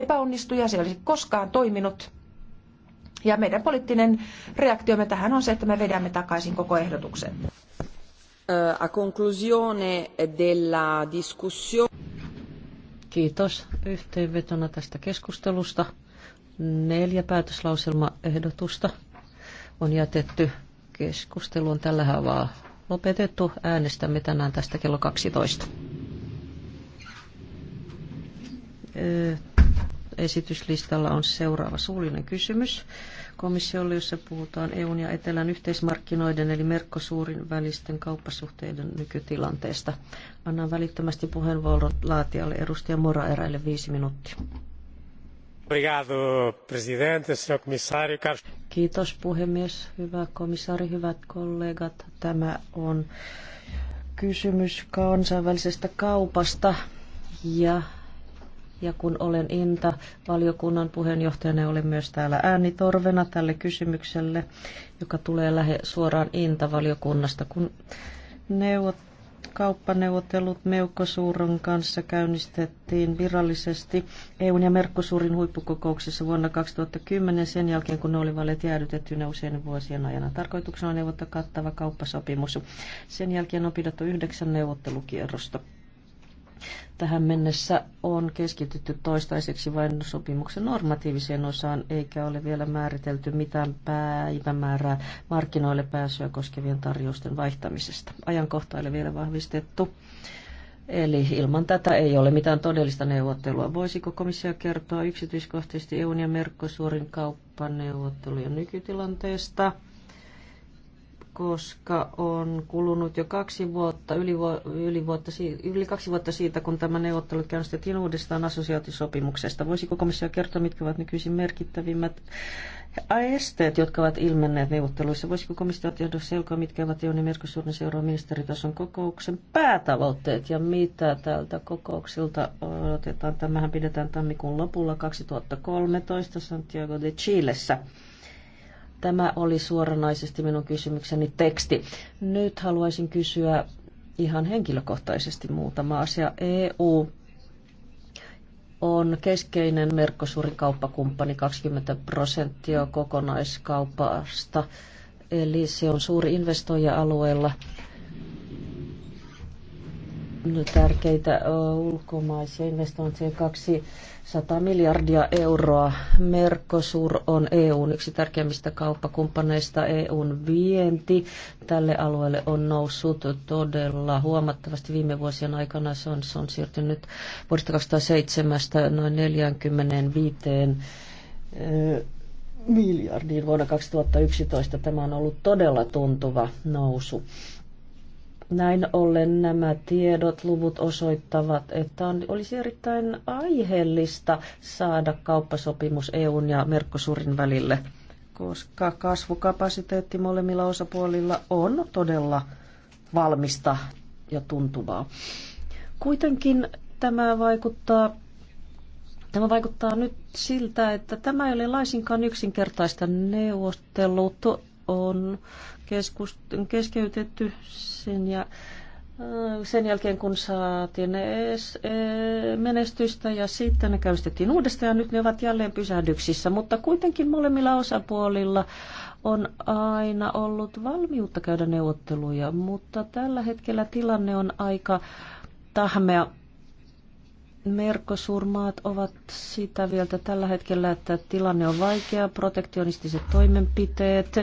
epäonnistuja, se ei olisi koskaan toiminut. Ja meidän poliittinen reaktiomme tähän on se, että me vedämme takaisin koko ehdotuksen. Eh, a conclusione della discussione. Kiitos yhteenvetona tästä keskustelusta. Neljä päätöslauselmaehdotusta on jätetty keskusteluun tällä havaa lopetettu. Äänestämme tänään tästä kello 12 esityslistalla on seuraava suullinen kysymys komissiolle, jossa puhutaan EUn ja Etelän yhteismarkkinoiden eli Merkkosuurin välisten kauppasuhteiden nykytilanteesta. Annan välittömästi puheenvuoron laatijalle edustaja Mora eräille viisi minuuttia. Kiitos puhemies, hyvä komissaari, hyvät kollegat. Tämä on kysymys kansainvälisestä kaupasta ja ja kun olen Inta, valiokunnan puheenjohtajana olen myös täällä äänitorvena tälle kysymykselle, joka tulee lähe suoraan Inta-valiokunnasta, kun neuvot, kauppaneuvottelut Meukosuuron kanssa käynnistettiin virallisesti EUn ja Merkkosuurin huippukokouksessa vuonna 2010 sen jälkeen, kun ne olivat jäädytettynä useiden vuosien ajan. Tarkoituksena on neuvottaa kattava kauppasopimus. Sen jälkeen on pidetty yhdeksän neuvottelukierrosta. Tähän mennessä on keskitytty toistaiseksi vain sopimuksen normatiiviseen osaan, eikä ole vielä määritelty mitään päivämäärää markkinoille pääsyä koskevien tarjousten vaihtamisesta. Ajankohta ei ole vielä vahvistettu. Eli ilman tätä ei ole mitään todellista neuvottelua. Voisiko komissio kertoa yksityiskohtaisesti EUn ja Merkosuorin kauppaneuvottelujen nykytilanteesta? koska on kulunut jo kaksi vuotta, yli, vu, yli, vuotta, yli kaksi vuotta siitä, kun tämä neuvottelu käynnistettiin uudestaan assosiaatiosopimuksesta. Voisiko komissio kertoa, mitkä ovat nykyisin merkittävimmät esteet, jotka ovat ilmenneet neuvotteluissa? Voisiko komissio tehdä selkoa, mitkä ovat jo niin Merkosuuden seuraa ministeritason kokouksen päätavoitteet ja mitä tältä kokouksilta odotetaan? Tämähän pidetään tammikuun lopulla 2013 Santiago de Chilessä. Tämä oli suoranaisesti minun kysymykseni teksti. Nyt haluaisin kysyä ihan henkilökohtaisesti muutama asia. EU on keskeinen Merkosurin kauppakumppani, 20 prosenttia kokonaiskaupasta, eli se on suuri investoija alueella – tärkeitä ulkomaisia investointeja 200 miljardia euroa. Mercosur on EUn yksi tärkeimmistä kauppakumppaneista. EUn vienti tälle alueelle on noussut todella huomattavasti viime vuosien aikana. Se on, se on siirtynyt vuodesta 2007 noin 45 miljardiin vuonna 2011. Tämä on ollut todella tuntuva nousu. Näin ollen nämä tiedot, luvut osoittavat, että on, olisi erittäin aiheellista saada kauppasopimus EUn ja Merkosurin välille, koska kasvukapasiteetti molemmilla osapuolilla on todella valmista ja tuntuvaa. Kuitenkin tämä vaikuttaa Tämä vaikuttaa nyt siltä, että tämä ei ole laisinkaan yksinkertaista neuvottelut on keskeytetty sen ja äh, sen jälkeen, kun saatiin e, menestystä ja sitten ne käynnistettiin uudestaan ja nyt ne ovat jälleen pysähdyksissä. Mutta kuitenkin molemmilla osapuolilla on aina ollut valmiutta käydä neuvotteluja, mutta tällä hetkellä tilanne on aika tahmea. Merkosurmaat ovat sitä vielä tällä hetkellä, että tilanne on vaikea, protektionistiset toimenpiteet,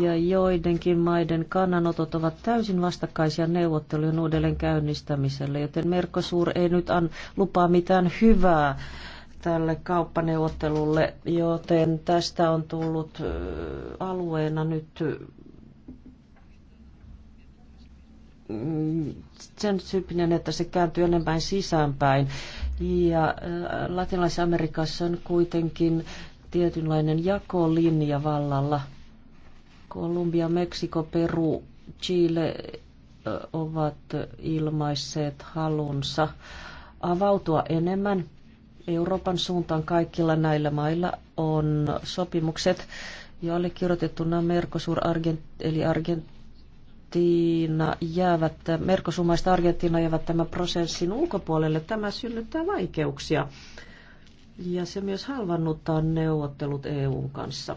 ja joidenkin maiden kannanotot ovat täysin vastakkaisia neuvottelujen uudelleen käynnistämiselle, joten Merkosuur ei nyt an, lupaa mitään hyvää tälle kauppaneuvottelulle, joten tästä on tullut alueena nyt mm, sen tyyppinen, että se kääntyy enemmän sisäänpäin. Ja Latinalaisessa Amerikassa on kuitenkin tietynlainen jakolinja vallalla – Kolumbia, Meksiko, Peru, Chile ovat ilmaisseet halunsa avautua enemmän Euroopan suuntaan. Kaikilla näillä mailla on sopimukset jo allekirjoitettuna Mercosur, Argent, eli Argentiina jäävät, Mercosumaista Argentiina jäävät tämän prosessin ulkopuolelle. Tämä synnyttää vaikeuksia ja se myös halvannuttaa neuvottelut EUn kanssa.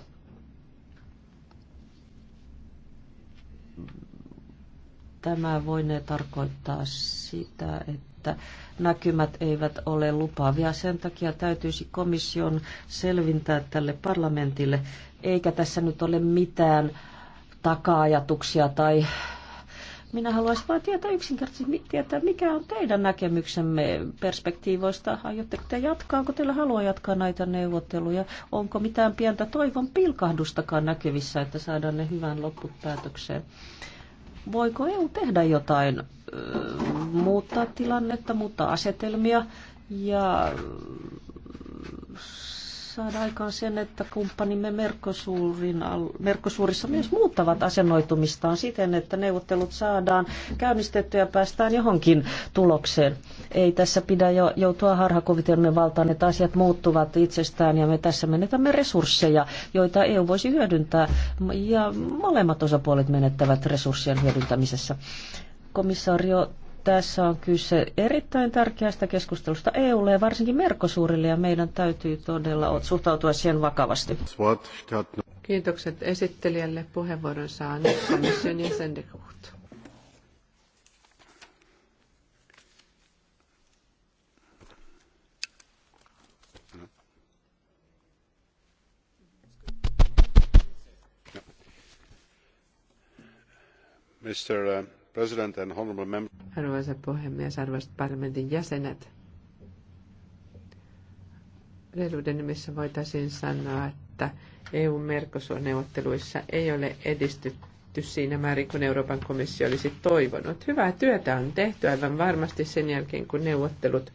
Tämä voinee tarkoittaa sitä, että näkymät eivät ole lupaavia. Sen takia täytyisi komission selvintää tälle parlamentille, eikä tässä nyt ole mitään taka-ajatuksia tai minä haluaisin vain tietää yksinkertaisesti, tietää, mikä on teidän näkemyksemme perspektiivoista. Aiotteko te jatkaa, onko teillä halua jatkaa näitä neuvotteluja? Onko mitään pientä toivon pilkahdustakaan näkyvissä, että saadaan ne hyvän loppupäätökseen? voiko EU tehdä jotain, muuttaa tilannetta, muuttaa asetelmia ja saada aikaan sen, että kumppanimme Merkosuurissa myös muuttavat asennoitumistaan siten, että neuvottelut saadaan käynnistettyä ja päästään johonkin tulokseen. Ei tässä pidä jo joutua harhakuvitelmien valtaan, että asiat muuttuvat itsestään ja me tässä menetämme resursseja, joita EU voisi hyödyntää ja molemmat osapuolet menettävät resurssien hyödyntämisessä. Komissaario tässä on kyse erittäin tärkeästä keskustelusta EUlle ja varsinkin Merkosuurille ja meidän täytyy todella suhtautua siihen vakavasti. Kiitokset esittelijälle. Puheenvuoron saa nyt komission jäsen de Gucht. Mr. President and honorable Arvoisa puhemies, arvoisat parlamentin jäsenet. Reiluuden nimissä voitaisiin sanoa, että eu neuvotteluissa ei ole edistytty siinä määrin, kun Euroopan komissio olisi toivonut. Hyvää työtä on tehty aivan varmasti sen jälkeen, kun neuvottelut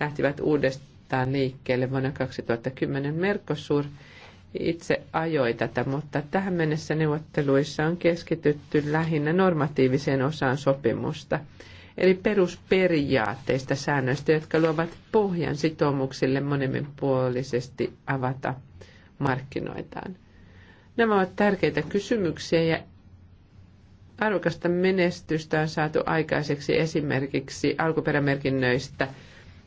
lähtivät uudestaan liikkeelle vuonna 2010 Mercosur itse ajoi tätä, mutta tähän mennessä neuvotteluissa on keskitytty lähinnä normatiiviseen osaan sopimusta, eli perusperiaatteista säännöistä, jotka luovat pohjan sitoumuksille puolisesti avata markkinoitaan. Nämä ovat tärkeitä kysymyksiä ja arvokasta menestystä on saatu aikaiseksi esimerkiksi alkuperämerkinnöistä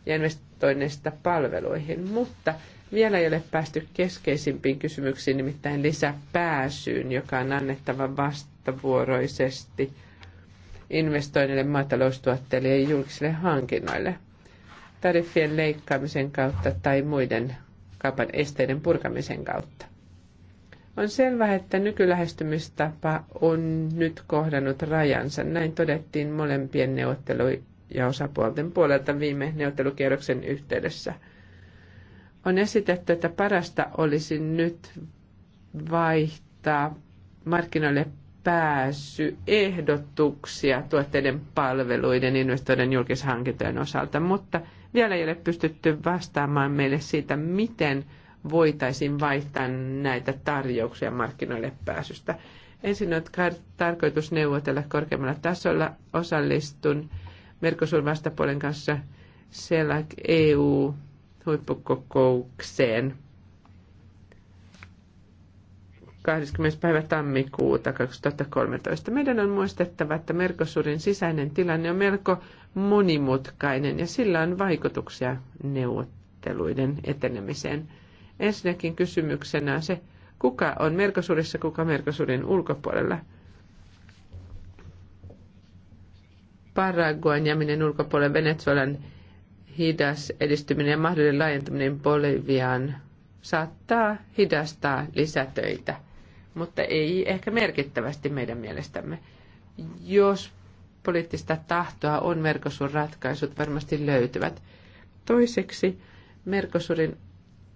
ja investoinneista palveluihin, mutta vielä ei ole päästy keskeisimpiin kysymyksiin, nimittäin lisäpääsyyn, joka on annettava vastavuoroisesti investoinnille, maataloustuotteille ja julkisille hankinnoille. Tariffien leikkaamisen kautta tai muiden kaupan esteiden purkamisen kautta. On selvää, että nykylähestymistapa on nyt kohdannut rajansa. Näin todettiin molempien neuvottelu- ja osapuolten puolelta viime neuvottelukierroksen yhteydessä – on esitetty, että parasta olisi nyt vaihtaa markkinoille pääsy ehdotuksia tuotteiden palveluiden investoiden julkishankintojen osalta, mutta vielä ei ole pystytty vastaamaan meille siitä, miten voitaisiin vaihtaa näitä tarjouksia markkinoille pääsystä. Ensin on tarkoitus neuvotella korkeammalla tasolla. Osallistun Merkosuun vastapuolen kanssa CELAC EU huippukokoukseen 20. päivä tammikuuta 2013. Meidän on muistettava, että Merkosurin sisäinen tilanne on melko monimutkainen ja sillä on vaikutuksia neuvotteluiden etenemiseen. Ensinnäkin kysymyksenä on se, kuka on Merkosurissa, kuka Merkosurin ulkopuolella. Paraguayn minen ulkopuolelle Venezuelan hidas edistyminen ja mahdollinen laajentuminen Boliviaan saattaa hidastaa lisätöitä, mutta ei ehkä merkittävästi meidän mielestämme. Jos poliittista tahtoa on, Merkosurin ratkaisut varmasti löytyvät. Toiseksi Merkosurin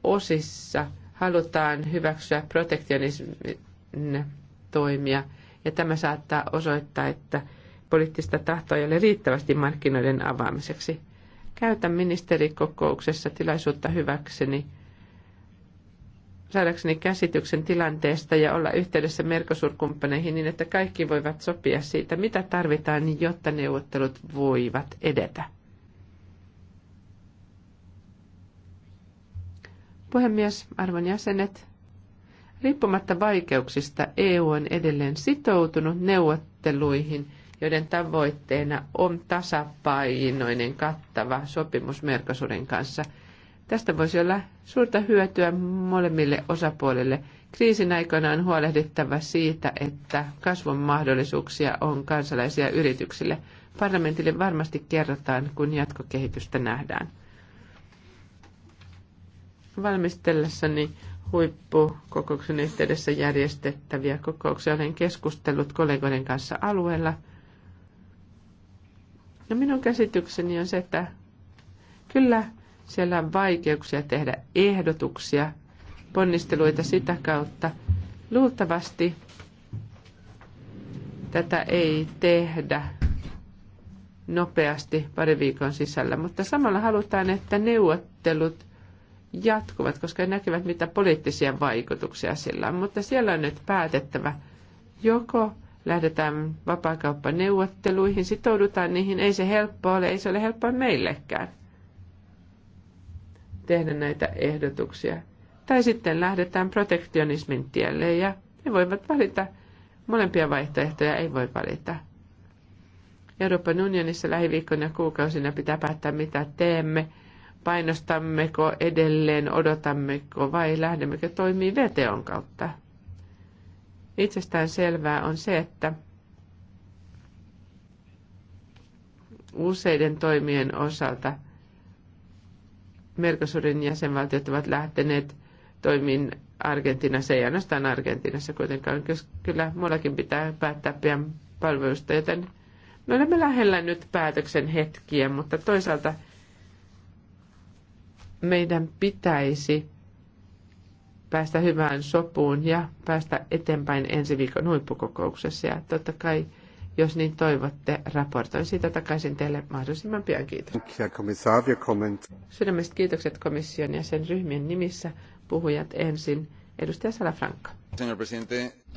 osissa halutaan hyväksyä protektionismin toimia, ja tämä saattaa osoittaa, että poliittista tahtoa ei ole riittävästi markkinoiden avaamiseksi – käytän ministerikokouksessa tilaisuutta hyväkseni saadakseni käsityksen tilanteesta ja olla yhteydessä merkosurkumppaneihin niin, että kaikki voivat sopia siitä, mitä tarvitaan, jotta neuvottelut voivat edetä. Puhemies, arvon jäsenet, riippumatta vaikeuksista EU on edelleen sitoutunut neuvotteluihin joiden tavoitteena on tasapainoinen kattava sopimus Merkosurin kanssa. Tästä voisi olla suurta hyötyä molemmille osapuolille. Kriisin aikana on huolehdittava siitä, että kasvun mahdollisuuksia on kansalaisia yrityksille. Parlamentille varmasti kerrotaan, kun jatkokehitystä nähdään. Valmistellessani huippukokouksen yhteydessä järjestettäviä kokouksia olen keskustellut kollegoiden kanssa alueella – No minun käsitykseni on se, että kyllä siellä on vaikeuksia tehdä ehdotuksia, ponnisteluita sitä kautta. Luultavasti tätä ei tehdä nopeasti pari viikon sisällä, mutta samalla halutaan, että neuvottelut jatkuvat, koska he näkevät, mitä poliittisia vaikutuksia sillä on. Mutta siellä on nyt päätettävä, joko lähdetään vapaakauppaneuvotteluihin, sitoudutaan niihin. Ei se helppo ole, ei se ole helppoa meillekään tehdä näitä ehdotuksia. Tai sitten lähdetään protektionismin tielle ja he voivat valita. Molempia vaihtoehtoja ei voi valita. Euroopan unionissa lähiviikkoina ja kuukausina pitää päättää, mitä teemme. Painostammeko edelleen, odotammeko vai lähdemmekö toimii VTOn kautta? Itsestään selvää on se, että useiden toimien osalta Mercosurin jäsenvaltiot ovat lähteneet toimiin Argentiinassa, ei ainoastaan Argentiinassa kuitenkaan, kyllä muillakin pitää päättää pian palveluista, joten me olemme lähellä nyt päätöksen hetkiä, mutta toisaalta meidän pitäisi päästä hyvään sopuun ja päästä eteenpäin ensi viikon huippukokouksessa. Ja totta kai, jos niin toivotte, raportoin siitä takaisin teille mahdollisimman pian. Kiitos. Sydämiset kiitokset komission ja sen ryhmien nimissä. Puhujat ensin. Edustaja Salafranca.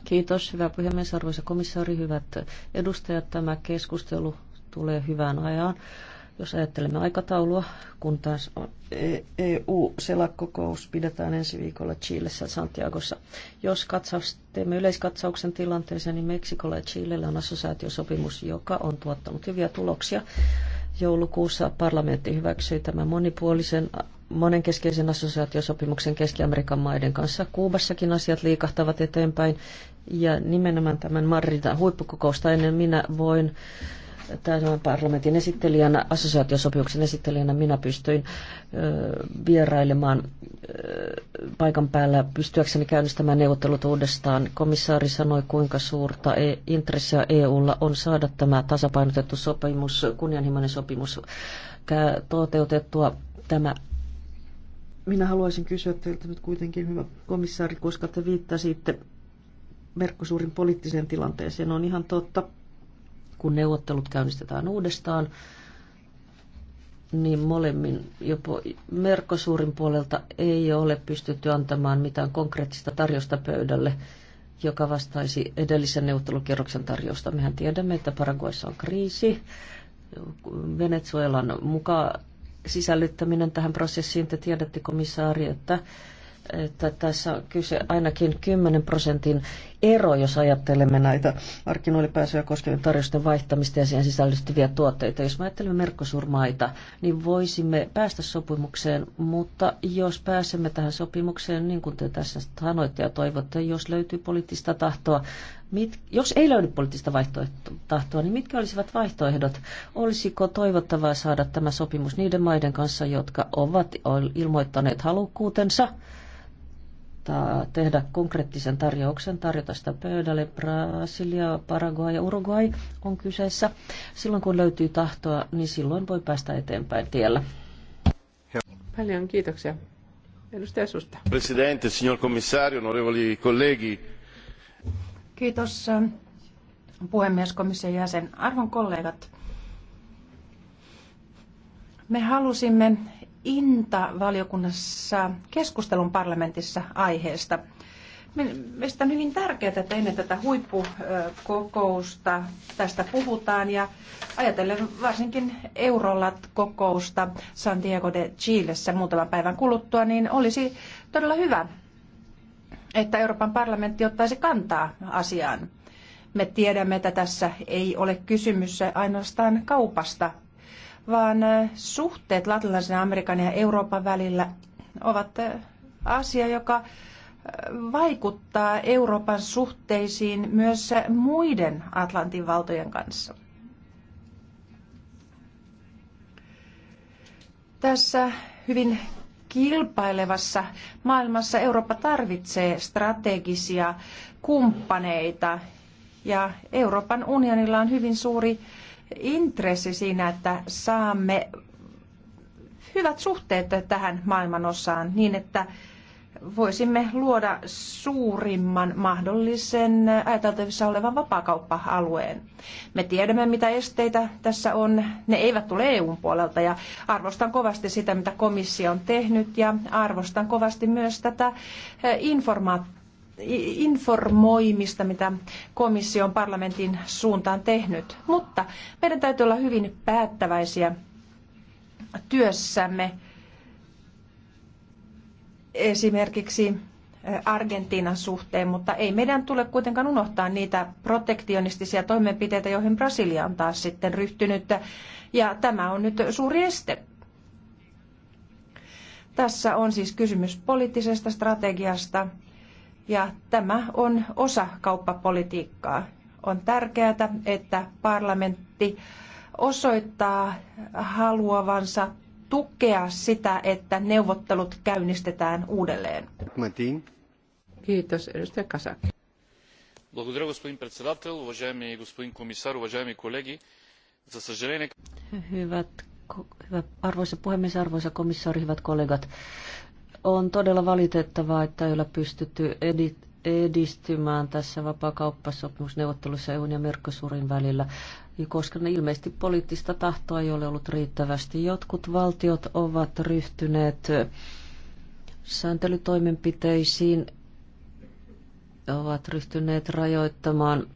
Kiitos, hyvä puhemies, arvoisa komissaari, hyvät edustajat. Tämä keskustelu tulee hyvään ajan. Jos ajattelemme aikataulua, kun taas EU-selakokous e pidetään ensi viikolla Chilessä Santiagossa. Jos katsaus, teemme yleiskatsauksen tilanteeseen, niin Meksikolla ja Chilellä on assosiaatiosopimus, joka on tuottanut hyviä tuloksia. Joulukuussa parlamentti hyväksyi tämän monipuolisen monenkeskeisen assosiaatiosopimuksen Keski-Amerikan maiden kanssa. Kuubassakin asiat liikahtavat eteenpäin ja nimenomaan tämän Madridan huippukokousta ennen minä voin tämän parlamentin esittelijänä, assosiaatiosopimuksen esittelijänä minä pystyin vierailemaan paikan päällä pystyäkseni käynnistämään neuvottelut uudestaan. Komissaari sanoi, kuinka suurta e-, intressiä EUlla on saada tämä tasapainotettu sopimus, kunnianhimoinen sopimus toteutettua. Tämä minä haluaisin kysyä teiltä nyt kuitenkin, hyvä komissaari, koska te viittasitte Merkkosuurin poliittiseen tilanteeseen. On ihan totta, kun neuvottelut käynnistetään uudestaan, niin molemmin jopa Merkosuurin puolelta ei ole pystytty antamaan mitään konkreettista tarjosta pöydälle, joka vastaisi edellisen neuvottelukierroksen tarjosta. Mehän tiedämme, että Paraguayssa on kriisi. Venezuelan mukaan sisällyttäminen tähän prosessiin, te tiedätte komissaari, että että tässä on kyse ainakin 10 prosentin ero, jos ajattelemme näitä markkinoille koskevien tarjousten vaihtamista ja siihen sisällistyviä tuotteita. Jos me ajattelemme merkkosurmaita, niin voisimme päästä sopimukseen, mutta jos pääsemme tähän sopimukseen, niin kuin te tässä sanoitte ja toivotte, jos löytyy poliittista tahtoa, Mit, jos ei löydy poliittista tahtoa, niin mitkä olisivat vaihtoehdot? Olisiko toivottavaa saada tämä sopimus niiden maiden kanssa, jotka ovat ilmoittaneet halukkuutensa? ta- tehdä konkreettisen tarjouksen, tarjota sitä pöydälle. Brasilia, Paraguay ja Uruguay on kyseessä. Silloin kun löytyy tahtoa, niin silloin voi päästä eteenpäin tiellä. Paljon kiitoksia. Edustaja Susta. Presidente, signor commissario, onorevoli colleghi. Kiitos ähm, puhemies, komission jäsen. Arvon kollegat, me halusimme INTA-valiokunnassa keskustelun parlamentissa aiheesta. Mielestäni on hyvin tärkeää, että ennen tätä huippukokousta tästä puhutaan ja ajatellen varsinkin Eurolat-kokousta Santiago de Chilessä muutaman päivän kuluttua, niin olisi todella hyvä, että Euroopan parlamentti ottaisi kantaa asiaan. Me tiedämme, että tässä ei ole kysymys ainoastaan kaupasta, vaan äh, suhteet Latinalaisen Amerikan ja Euroopan välillä ovat äh, asia, joka äh, vaikuttaa Euroopan suhteisiin myös muiden Atlantin valtojen kanssa. Tässä hyvin kilpailevassa maailmassa Eurooppa tarvitsee strategisia kumppaneita ja Euroopan unionilla on hyvin suuri intressi siinä, että saamme hyvät suhteet tähän maailmanosaan niin, että voisimme luoda suurimman mahdollisen ajateltavissa olevan vapaakauppa-alueen. Me tiedämme, mitä esteitä tässä on. Ne eivät tule EUn puolelta ja arvostan kovasti sitä, mitä komissio on tehnyt ja arvostan kovasti myös tätä eh, informaatiota informoimista, mitä komissio on parlamentin suuntaan tehnyt. Mutta meidän täytyy olla hyvin päättäväisiä työssämme esimerkiksi Argentiinan suhteen, mutta ei meidän tule kuitenkaan unohtaa niitä protektionistisia toimenpiteitä, joihin Brasilia on taas sitten ryhtynyt. Ja tämä on nyt suuri este. Tässä on siis kysymys poliittisesta strategiasta, ja tämä on osa kauppapolitiikkaa. On tärkeää, että parlamentti osoittaa haluavansa tukea sitä, että neuvottelut käynnistetään uudelleen. Kiitos, edustaja Kasak. Благодаря, господин председател, уважаеми господин комисар, уважаеми колеги. За съжаление... Hyvät, hyvä, arvoisa puhemies, arvoisa komissaari, hyvät kollegat. On todella valitettavaa, että ei ole pystytty edistymään tässä vapaakauppasopimusneuvottelussa EUn ja Merkosurin välillä, koska ne ilmeisesti poliittista tahtoa ei ole ollut riittävästi. Jotkut valtiot ovat ryhtyneet sääntelytoimenpiteisiin, ovat ryhtyneet rajoittamaan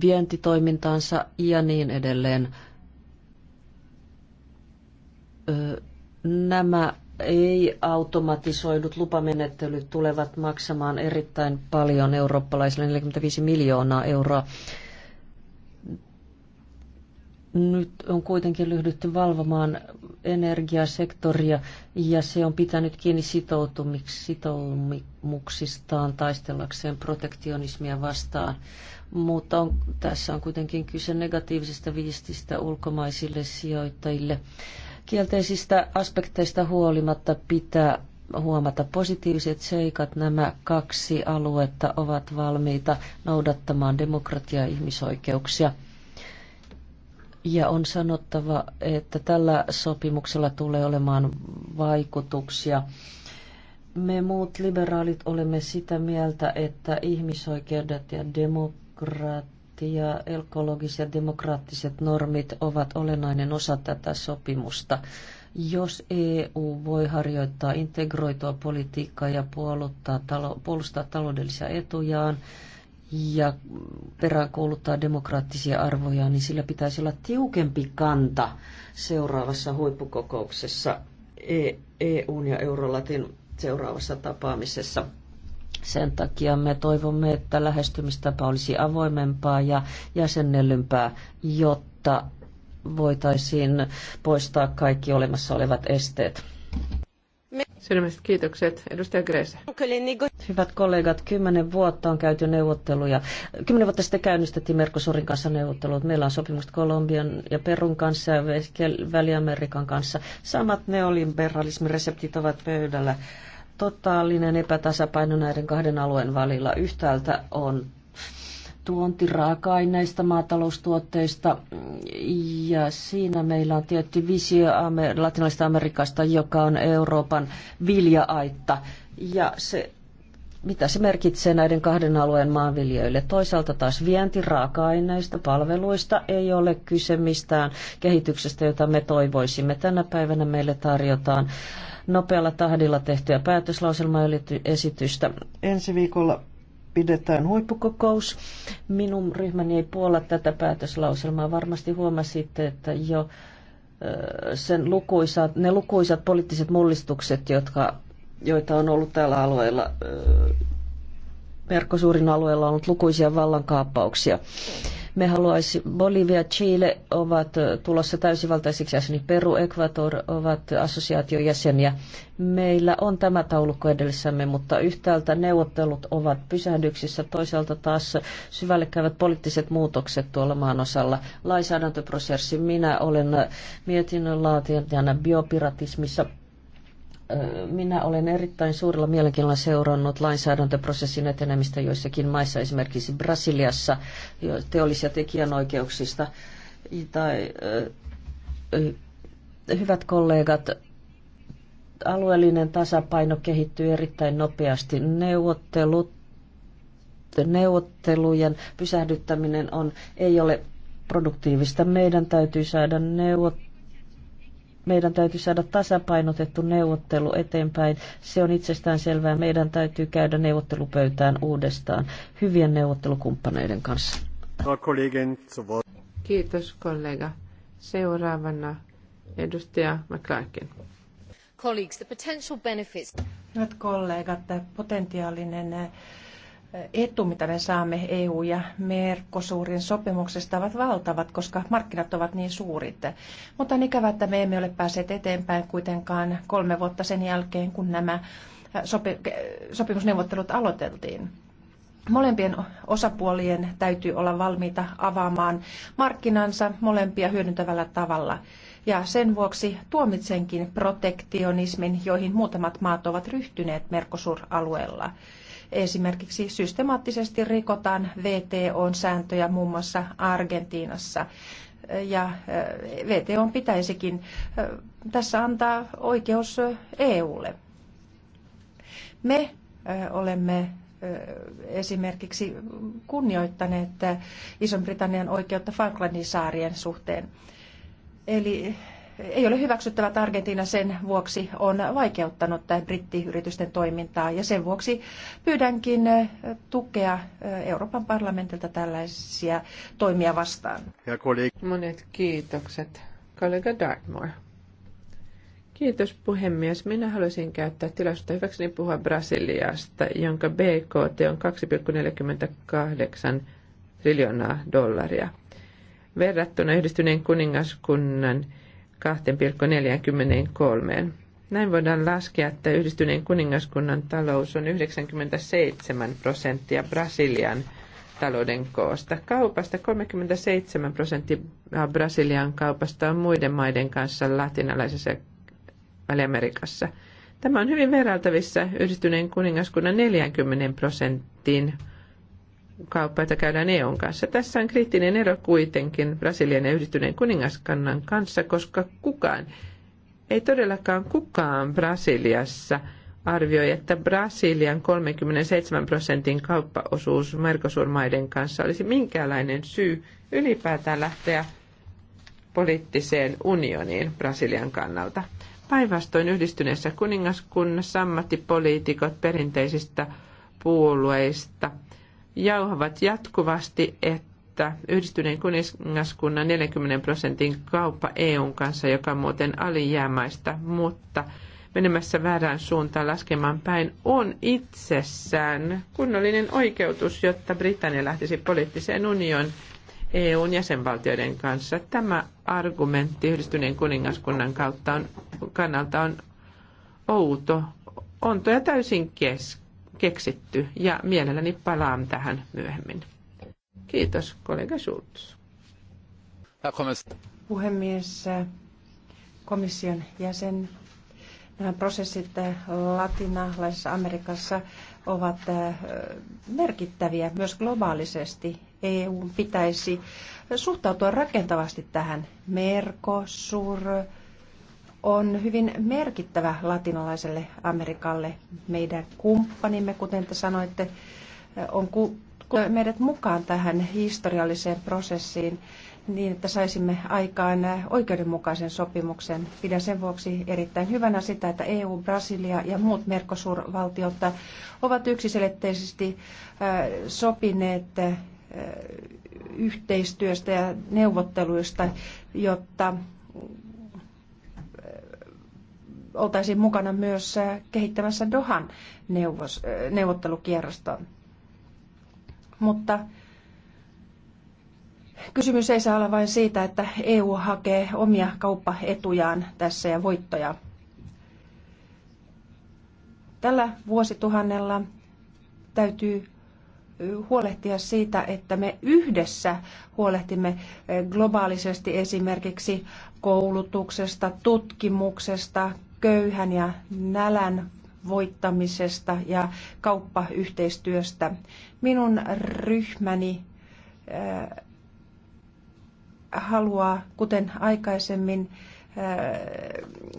vientitoimintaansa ja niin edelleen. Öö, Nämä ei automatisoidut lupamenettelyt tulevat maksamaan erittäin paljon eurooppalaisille 45 miljoonaa euroa. Nyt on kuitenkin lyhdytty valvomaan energiasektoria ja se on pitänyt kiinni sitoumuksistaan taistellakseen protektionismia vastaan. Mutta on, tässä on kuitenkin kyse negatiivisesta viestistä ulkomaisille sijoittajille. Kielteisistä aspekteista huolimatta pitää huomata positiiviset seikat. Nämä kaksi aluetta ovat valmiita noudattamaan demokratiaa ja ihmisoikeuksia. Ja on sanottava, että tällä sopimuksella tulee olemaan vaikutuksia. Me muut liberaalit olemme sitä mieltä, että ihmisoikeudet ja demokratia demokraatti ja ekologiset demokraattiset normit ovat olennainen osa tätä sopimusta. Jos EU voi harjoittaa integroitua politiikkaa ja puolustaa taloudellisia etujaan, ja peräänkouluttaa demokraattisia arvoja, niin sillä pitäisi olla tiukempi kanta seuraavassa huippukokouksessa EUn e ja Eurolatin seuraavassa tapaamisessa. Sen takia me toivomme, että lähestymistapa olisi avoimempaa ja jäsennellympää, jotta voitaisiin poistaa kaikki olemassa olevat esteet. Sydämiset kiitokset. Edustaja Greese. Hyvät kollegat, kymmenen vuotta on käyty neuvotteluja. Kymmenen vuotta sitten käynnistettiin Merkosurin kanssa neuvottelut. Meillä on sopimukset Kolumbian ja Perun kanssa ja Väli-Amerikan kanssa. Samat neoliberalismin reseptit ovat pöydällä totaalinen epätasapaino näiden kahden alueen välillä. Yhtäältä on tuonti raaka-aineista, maataloustuotteista ja siinä meillä on tietty visio latinalaisesta Amerikasta, joka on Euroopan viljaaitta ja se mitä se merkitsee näiden kahden alueen maanviljelijöille. Toisaalta taas vienti raaka-aineista, palveluista ei ole kyse mistään kehityksestä, jota me toivoisimme. Tänä päivänä meille tarjotaan äh, nopealla tahdilla tehtyä päätöslauselmaesitystä. Ensi viikolla pidetään huippukokous. Minun ryhmäni ei puolla tätä päätöslauselmaa. Varmasti huomasitte, että jo sen lukuisat, ne lukuisat poliittiset mullistukset, jotka, joita on ollut täällä alueella, Merkosuurin alueella on ollut lukuisia vallankaappauksia. Me haluaisi, Bolivia, Chile ovat tulossa täysivaltaisiksi jäseniksi, Peru, Ecuador ovat assosiaatiojäseniä. Meillä on tämä taulukko edellisämme, mutta yhtäältä neuvottelut ovat pysähdyksissä, toisaalta taas syvälle käyvät poliittiset muutokset tuolla maan osalla. Lainsäädäntöprosessi, minä olen mietinnön laatijana biopiratismissa minä olen erittäin suurella mielenkiinnolla seurannut lainsäädäntöprosessin etenemistä joissakin maissa, esimerkiksi Brasiliassa teollisia tekijänoikeuksista. Tai, hyvät kollegat, alueellinen tasapaino kehittyy erittäin nopeasti. Neuvottelut, neuvottelujen pysähdyttäminen on, ei ole produktiivista. Meidän täytyy saada neuvot, meidän täytyy saada tasapainotettu neuvottelu eteenpäin. Se on itsestään selvää. Meidän täytyy käydä neuvottelupöytään uudestaan hyvien neuvottelukumppaneiden kanssa. Kiitos kollega. Seuraavana edustaja McClarkin. Colleagues, the potential benefits. Hyvät kollegat, potentiaalinen etu, mitä me saamme EU- ja Merkosuurin sopimuksesta, ovat valtavat, koska markkinat ovat niin suurit. Mutta on ikävä, että me emme ole päässeet eteenpäin kuitenkaan kolme vuotta sen jälkeen, kun nämä äh, sopi- sopimusneuvottelut aloiteltiin. Molempien osapuolien täytyy olla valmiita avaamaan markkinansa molempia hyödyntävällä tavalla. Ja sen vuoksi tuomitsenkin protektionismin, joihin muutamat maat ovat ryhtyneet Mercosur-alueella. Esimerkiksi systemaattisesti rikotaan VTOn sääntöjä muun muassa Argentiinassa. Ja eh, VTO pitäisikin eh, tässä antaa oikeus EUlle. Eh, e Me olemme esimerkiksi kunnioittaneet Ison-Britannian oikeutta Falklandin saarien suhteen. Eli ei ole hyväksyttävä, että Argentiina sen vuoksi on vaikeuttanut brittiyritysten toimintaa. Ja sen vuoksi pyydänkin eh, tukea eh, Euroopan parlamentilta tällaisia toimia vastaan. Monet kiitokset, kollega Dartmoor. Kiitos puhemies. Minä haluaisin käyttää tilaisuutta hyväkseni puhua Brasiliasta, jonka BKT on 2,48 triljoonaa dollaria. Verrattuna yhdistyneen kuningaskunnan 2,43. Näin voidaan laskea, että yhdistyneen kuningaskunnan talous on 97 prosenttia Brasilian talouden koosta. Kaupasta 37 prosenttia Brasilian kaupasta on muiden maiden kanssa latinalaisessa Amerikassa. Tämä on hyvin verraltavissa yhdistyneen kuningaskunnan 40 prosenttiin kauppa, jota käydään EUn kanssa. Tässä on kriittinen ero kuitenkin Brasilian ja yhdistyneen kuningaskannan kanssa, koska kukaan, ei todellakaan kukaan Brasiliassa arvioi, että Brasilian 37 prosentin kauppaosuus Mercosur-maiden kanssa olisi minkäänlainen syy ylipäätään lähteä poliittiseen unioniin Brasilian kannalta. Päinvastoin yhdistyneessä kuningaskunnassa ammattipoliitikot perinteisistä puolueista – jauhavat jatkuvasti, että yhdistyneen kuningaskunnan 40 prosentin kauppa EUn kanssa, joka on muuten alijäämäistä, mutta menemässä väärään suuntaan laskemaan päin, on itsessään kunnollinen oikeutus, jotta Britannia lähtisi poliittiseen union EUn jäsenvaltioiden kanssa. Tämä argumentti yhdistyneen kuningaskunnan kautta on, kannalta on outo, onto ja täysin kesken keksitty ja mielelläni palaan tähän myöhemmin. Kiitos, kollega Schulz. Puhemies, komission jäsen. Nämä prosessit latinalaisessa Amerikassa ovat eh, merkittäviä myös globaalisesti. EU pitäisi suhtautua rakentavasti tähän. Mercosur, on hyvin merkittävä latinalaiselle Amerikalle. Meidän kumppanimme, kuten te sanoitte, on meidät mukaan tähän historialliseen prosessiin niin, että saisimme aikaan oikeudenmukaisen sopimuksen. Pidän sen vuoksi erittäin hyvänä sitä, että EU, Brasilia ja muut Mercosur-valtiot ovat yksiselitteisesti sopineet yhteistyöstä ja neuvotteluista, jotta oltaisiin mukana myös äh, kehittämässä Dohan neuvos, äh, neuvottelukierrosta. Mutta kysymys ei saa olla vain siitä, että EU hakee omia kauppaetujaan tässä ja voittoja. Tällä vuosituhannella täytyy äh, huolehtia siitä, että me yhdessä huolehtimme globaalisesti esimerkiksi koulutuksesta, tutkimuksesta, köyhän ja nälän voittamisesta ja kauppayhteistyöstä. Minun ryhmäni äh, haluaa, kuten aikaisemmin, äh,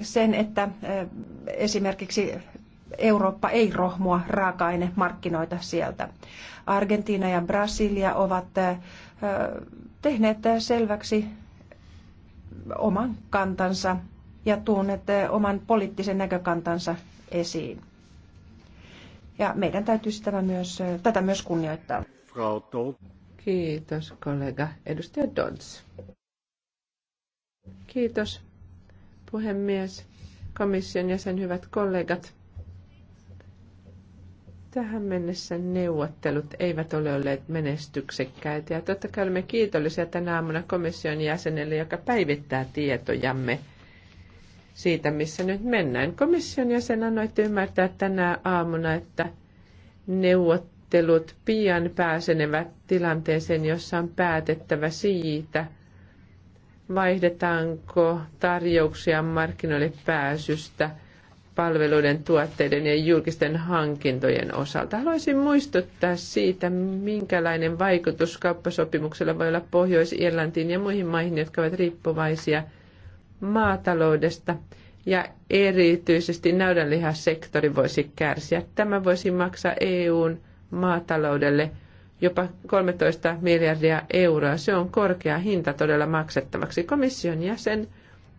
sen, että äh, esimerkiksi Eurooppa ei rohmua raaka-ainemarkkinoita sieltä. Argentiina ja Brasilia ovat tehneet selväksi oman kantansa ja tuoneet oman poliittisen näkökantansa esiin. Ja meidän täytyy tämä myös, tätä myös kunnioittaa. Kiitos kollega. Edustaja Dons. Kiitos puhemies, komission jäsen, hyvät kollegat. Tähän mennessä neuvottelut eivät ole olleet menestyksekkäitä ja totta kai olemme kiitollisia tänä aamuna komission jäsenelle, joka päivittää tietojamme – siitä, missä nyt mennään. Komission jäsen annoitte ymmärtää tänä aamuna, että neuvottelut pian pääsenevät tilanteeseen, jossa on päätettävä siitä, vaihdetaanko tarjouksia markkinoille pääsystä palveluiden, tuotteiden ja julkisten hankintojen osalta. Haluaisin muistuttaa siitä, minkälainen vaikutus kauppasopimuksella voi olla Pohjois-Irlantiin ja muihin maihin, jotka ovat riippuvaisia – maataloudesta ja erityisesti naudanlihasektori voisi kärsiä. Tämä voisi maksaa EUn maataloudelle jopa 13 miljardia euroa. Se on korkea hinta todella maksettavaksi. Komission jäsen,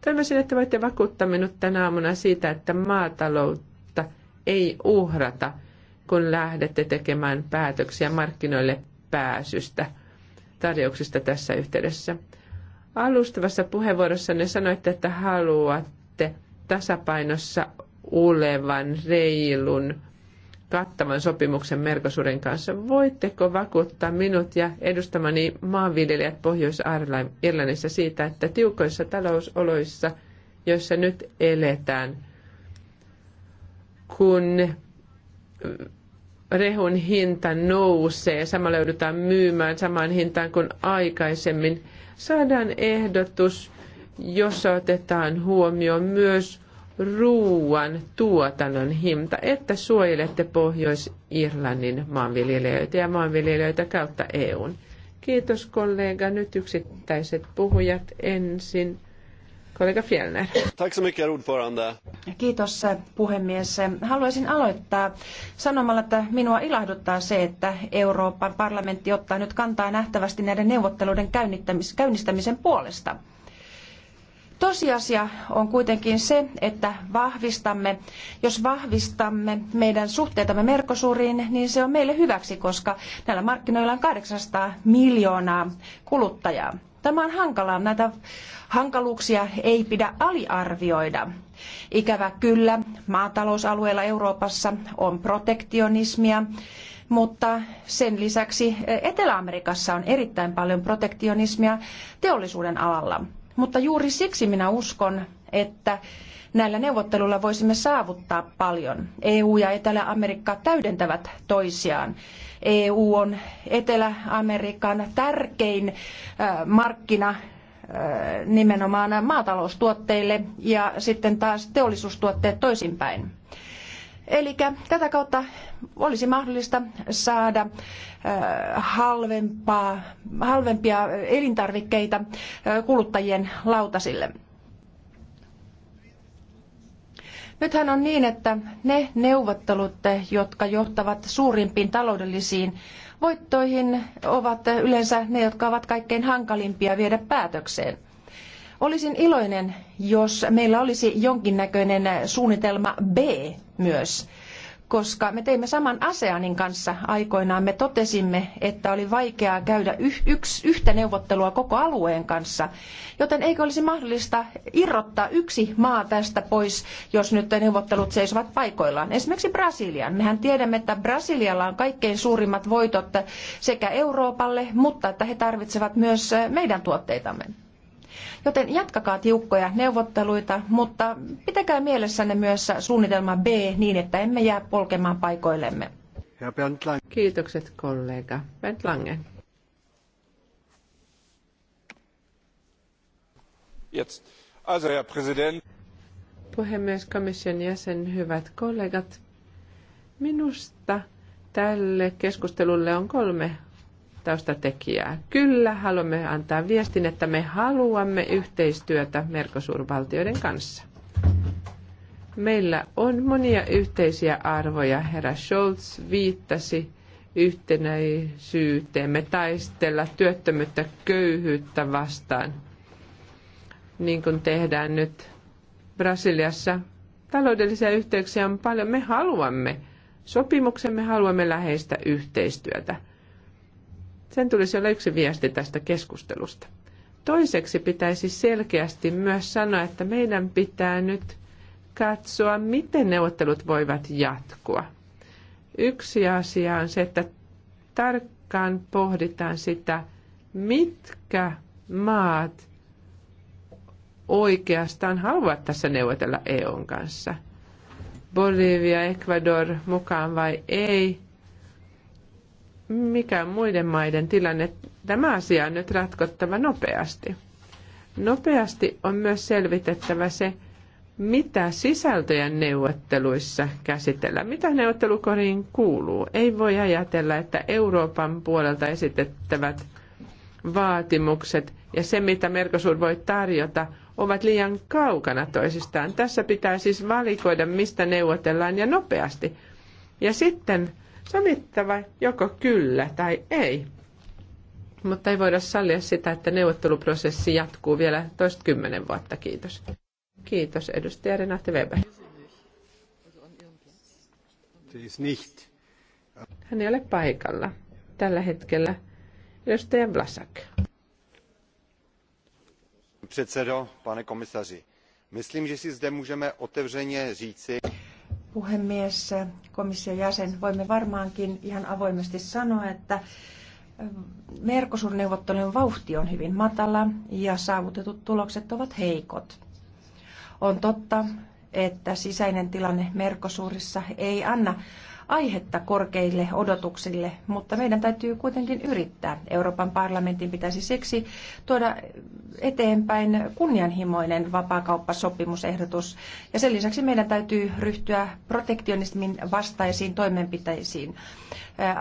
toivoisin, että voitte vakuuttaa minut tänä aamuna siitä, että maataloutta ei uhrata, kun lähdette tekemään päätöksiä markkinoille pääsystä tarjouksista tässä yhteydessä. Alustavassa puheenvuorossanne sanoitte, että haluatte tasapainossa olevan reilun kattavan sopimuksen Merkosuuden kanssa. Voitteko vakuuttaa minut ja edustamani maanviljelijät Pohjois-Irlannissa siitä, että tiukoissa talousoloissa, joissa nyt eletään, kun rehun hinta nousee, sama joudutaan myymään samaan hintaan kuin aikaisemmin, saadaan ehdotus, jossa otetaan huomioon myös ruuan tuotannon hinta, että suojelette Pohjois-Irlannin maanviljelijöitä ja maanviljelijöitä kautta EUn. Kiitos kollega. Nyt yksittäiset puhujat ensin. Kollega Fjellner. Kiitos puhemies. Haluaisin aloittaa sanomalla, että minua ilahduttaa se, että Euroopan parlamentti ottaa nyt kantaa nähtävästi näiden neuvotteluiden käynnistämisen puolesta. Tosiasia on kuitenkin se, että vahvistamme, jos vahvistamme meidän suhteitamme Merkosuriin, niin se on meille hyväksi, koska näillä markkinoilla on 800 miljoonaa kuluttajaa. Tämä on hankalaa. Näitä hankaluuksia ei pidä aliarvioida. Ikävä kyllä, maatalousalueella Euroopassa on protektionismia, mutta sen lisäksi Etelä-Amerikassa on erittäin paljon protektionismia teollisuuden alalla. Mutta juuri siksi minä uskon, että näillä neuvotteluilla voisimme saavuttaa paljon. EU ja Etelä-Amerikka täydentävät toisiaan EU on Etelä-Amerikan tärkein markkina nimenomaan maataloustuotteille ja sitten taas teollisuustuotteet toisinpäin. Eli tätä kautta olisi mahdollista saada halvempaa, halvempia elintarvikkeita kuluttajien lautasille. Nythän on niin, että ne neuvottelut, jotka johtavat suurimpiin taloudellisiin voittoihin, ovat yleensä ne, jotka ovat kaikkein hankalimpia viedä päätökseen. Olisin iloinen, jos meillä olisi jonkinnäköinen suunnitelma B myös koska me teimme saman ASEANin kanssa aikoinaan. Me totesimme, että oli vaikeaa käydä yks, yhtä neuvottelua koko alueen kanssa, joten eikö olisi mahdollista irrottaa yksi maa tästä pois, jos nyt neuvottelut seisovat paikoillaan. Esimerkiksi Brasilian. Mehän tiedämme, että Brasilialla on kaikkein suurimmat voitot sekä Euroopalle, mutta että he tarvitsevat myös meidän tuotteitamme. Joten jatkakaa tiukkoja neuvotteluita, mutta pitäkää mielessänne myös suunnitelma B niin, että emme jää polkemaan paikoillemme. Kiitokset kollega Bent Lange. Jetzt. Also, Herr Präsident. Puhemies, komission jäsen, hyvät kollegat. Minusta tälle keskustelulle on kolme tekijää. Kyllä, haluamme antaa viestin, että me haluamme yhteistyötä Merkosuurvaltioiden kanssa. Meillä on monia yhteisiä arvoja. Herra Scholz viittasi yhtenäisyyteemme taistella työttömyyttä köyhyyttä vastaan, niin kuin tehdään nyt Brasiliassa. Taloudellisia yhteyksiä on paljon. Me haluamme sopimuksen, me haluamme läheistä yhteistyötä. Sen tulisi olla yksi viesti tästä keskustelusta. Toiseksi pitäisi selkeästi myös sanoa, että meidän pitää nyt katsoa, miten neuvottelut voivat jatkua. Yksi asia on se, että tarkkaan pohditaan sitä, mitkä maat oikeastaan haluavat tässä neuvotella EUn kanssa. Bolivia, Ecuador mukaan vai ei? mikä on muiden maiden tilanne. Tämä asia on nyt ratkottava nopeasti. Nopeasti on myös selvitettävä se, mitä sisältöjä neuvotteluissa käsitellään, mitä neuvottelukoriin kuuluu. Ei voi ajatella, että Euroopan puolelta esitettävät vaatimukset ja se, mitä Mercosur voi tarjota, ovat liian kaukana toisistaan. Tässä pitää siis valikoida, mistä neuvotellaan ja nopeasti. Ja sitten sovittava joko kyllä tai ei. Mutta ei voida sallia sitä, että neuvotteluprosessi jatkuu vielä toista kymmenen vuotta. Kiitos. Kiitos, edustaja Renate Weber. Hän ei ole paikalla tällä hetkellä. Edustaja Vlasak. Předsedo, pane komisaři, myslím, že si zde můžeme otevřeně říci puhemies, komission jäsen, voimme varmaankin ihan avoimesti sanoa, että Mercosur-neuvottelujen vauhti on hyvin matala ja saavutetut tulokset ovat heikot. On totta, että sisäinen tilanne merkosurissa ei anna aihetta korkeille odotuksille, mutta meidän täytyy kuitenkin yrittää. Euroopan parlamentin pitäisi siksi tuoda eteenpäin kunnianhimoinen vapaakauppasopimusehdotus. Ja sen lisäksi meidän täytyy ryhtyä protektionismin vastaisiin toimenpiteisiin.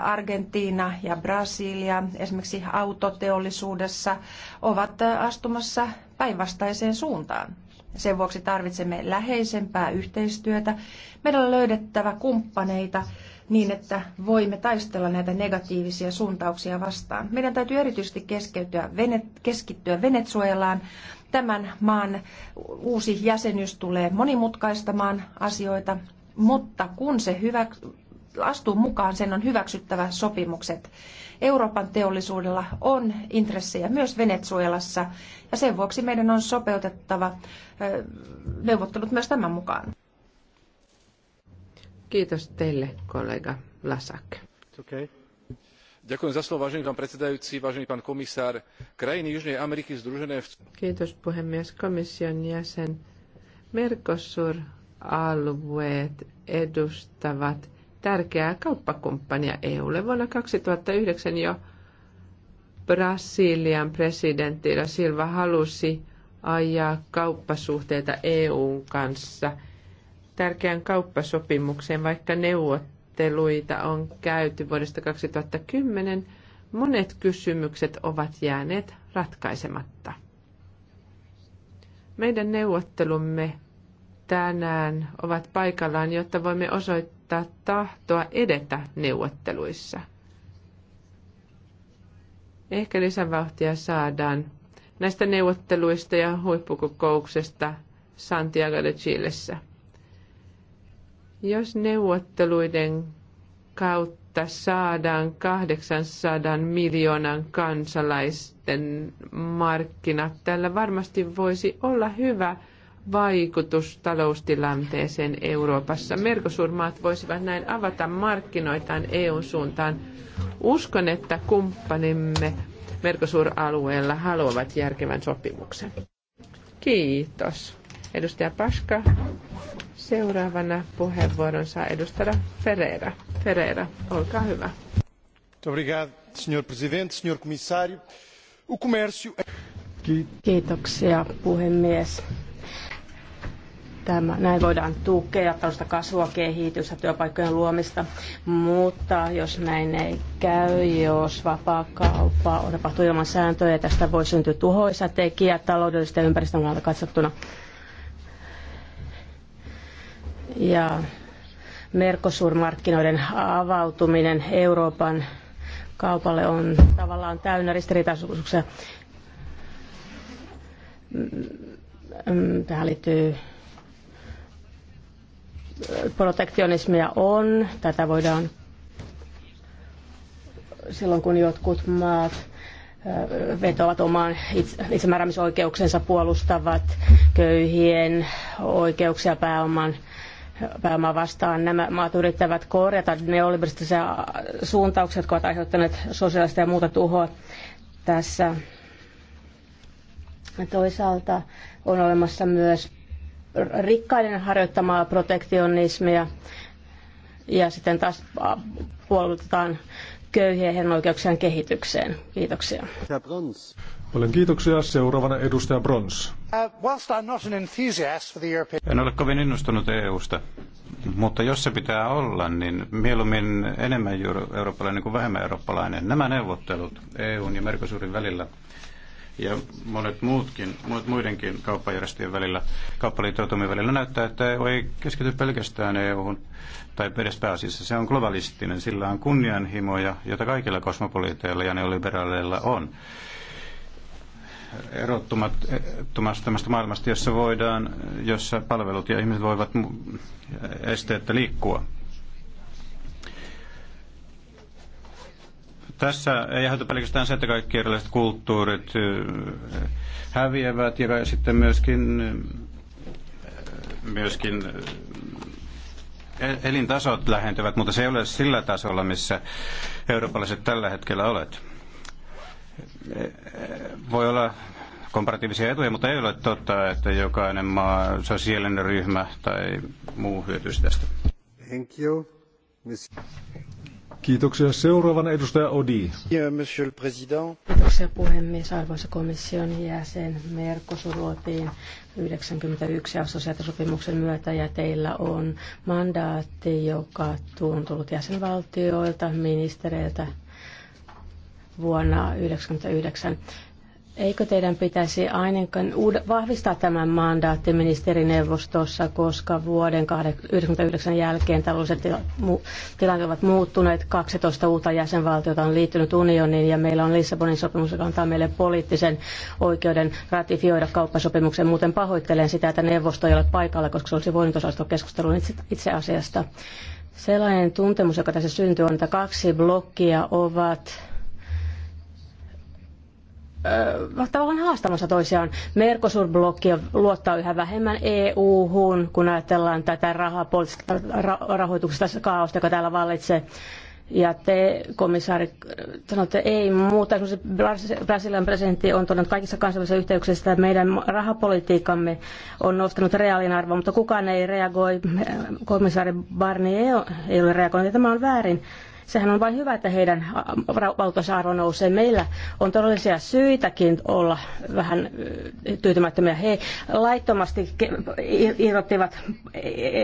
Argentiina ja Brasilia esimerkiksi autoteollisuudessa ovat astumassa päinvastaiseen suuntaan. Sen vuoksi tarvitsemme läheisempää yhteistyötä. Meidän on löydettävä kumppaneita niin, että voimme taistella näitä negatiivisia suuntauksia vastaan. Meidän täytyy erityisesti keskeytyä, keskittyä Venezuelaan. Tämän maan uusi jäsenyys tulee monimutkaistamaan asioita, mutta kun se hyvä, astuu mukaan, sen on hyväksyttävä sopimukset. Euroopan teollisuudella on intressejä myös Venezuelassa ja sen vuoksi meidän on sopeutettava neuvottelut myös tämän mukaan. Kiitos teille, kollega Lasak. Okay. Ďakujem za slovo, vážený pán predsedajúci, vážený pán komisár. Krajiny Južnej Ameriky združené v... Kiitos puhemies komission jäsen. Mercosur-alueet edustavat tärkeää kauppakumppania EUlle. Vuonna 2009 jo Brasilian presidentti Silva halusi ajaa kauppasuhteita EUn kanssa tärkeän kauppasopimukseen, vaikka neuvotteluita on käyty vuodesta 2010. Monet kysymykset ovat jääneet ratkaisematta. Meidän neuvottelumme tänään ovat paikallaan, jotta voimme osoittaa, osoittaa tahtoa edetä neuvotteluissa. Ehkä lisävauhtia saadaan näistä neuvotteluista ja huippukokouksesta Santiago de Chilessä. Jos neuvotteluiden kautta saadaan 800 miljoonan kansalaisten markkinat, tällä varmasti voisi olla hyvä – vaikutus taloustilanteeseen Euroopassa. Merkosurmaat voisivat näin avata markkinoitaan EUn suuntaan. Uskon, että kumppanimme Merkosur-alueella haluavat järkevän sopimuksen. Kiitos. Edustaja Paska. Seuraavana puheenvuoron saa edustaja Ferreira. Ferreira, olkaa hyvä. Kiitoksia puhemies. Tämä, näin voidaan tukea tällaista kasvua, kehitystä, työpaikkojen luomista, mutta jos näin ei käy, jos vapaa kauppa on tapahtu ilman sääntöjä, tästä voi syntyä tuhoisa tekijä taloudellisesti ja ympäristön kannalta katsottuna. Ja Mercosur-markkinoiden avautuminen Euroopan kaupalle on tavallaan täynnä ristiriitaisuuksia. Mm, mm, tähän liittyy protektionismia on, tätä voidaan silloin kun jotkut maat vetovat omaan itsemääräämisoikeuksensa, puolustavat köyhien oikeuksia pääoman pääoman vastaan. Nämä maat yrittävät korjata neoliberistisia suuntauksia, jotka ovat aiheuttaneet sosiaalista ja muuta tuhoa tässä. Toisaalta on olemassa myös rikkaiden harjoittamaa protektionismia ja sitten taas puolustetaan köyhiä heidän oikeuksien kehitykseen. Kiitoksia. Paljon kiitoksia. Seuraavana edustaja Brons. Uh, en ole kovin innostunut EUsta, mutta jos se pitää olla, niin mieluummin enemmän eurooppalainen kuin vähemmän eurooppalainen. Nämä neuvottelut EUn ja Mercosurin välillä ja monet muutkin, muidenkin kauppajärjestöjen välillä, kauppaliittoutumien välillä näyttää, että EU ei keskity pelkästään EU-hun, tai edes pääasiassa se on globalistinen, sillä on kunnianhimoja, jota kaikilla kosmopoliiteilla ja neoliberaaleilla on erottumattomasta maailmasta, jossa voidaan, jossa palvelut ja ihmiset voivat esteettä liikkua. Tässä ei aiheuta pelkästään se, että kaikki erilaiset kulttuurit häviävät ja sitten myöskin, myöskin e- elintasot lähentyvät, mutta se ei ole sillä tasolla, missä eurooppalaiset tällä hetkellä olet. E- e- voi olla komparatiivisia etuja, mutta ei ole totta, että jokainen maa, sosiaalinen ryhmä tai muu hyötyisi tästä. Thank you. Miss... Kiitoksia. Seuraavana edustaja Odi. Kiitoksia puhemies. Arvoisa komission jäsen Mercosur luotiin 91 assosiaatiosopimuksen myötä ja teillä on mandaatti, joka on tullut jäsenvaltioilta, ministereiltä vuonna 1999 Eikö teidän pitäisi ainakin vahvistaa tämän mandaatti ministerineuvostossa, koska vuoden 1999 jälkeen taloudelliset tilanteet ovat muuttuneet, 12 uutta jäsenvaltiota on liittynyt unioniin ja meillä on Lissabonin sopimus, joka antaa meille poliittisen oikeuden ratifioida kauppasopimuksen. Muuten pahoittelen sitä, että neuvosto ei ole paikalla, koska se olisi voinut osallistua keskusteluun itse, itse asiasta. Sellainen tuntemus, joka tässä syntyy, on, että kaksi blokkia ovat tavallaan haastamassa toisiaan. Mercosur-blokki luottaa yhä vähemmän EU-hun, kun ajatellaan tätä rahoituksesta kaaosta, joka täällä vallitsee. Ja te, komissaari, sanotte ei muuta. Brasilian presidentti on todennut kaikissa kansainvälisissä yhteyksissä, että meidän rahapolitiikkamme on nostanut reaalin arvoa, mutta kukaan ei reagoi. Komissaari Barni ei ole reagoinut. Tämä on väärin Sehän on vain hyvä, että heidän valtaansa arvo nousee. Meillä on todellisia syitäkin olla vähän tyytymättömiä. He laittomasti irrottivat,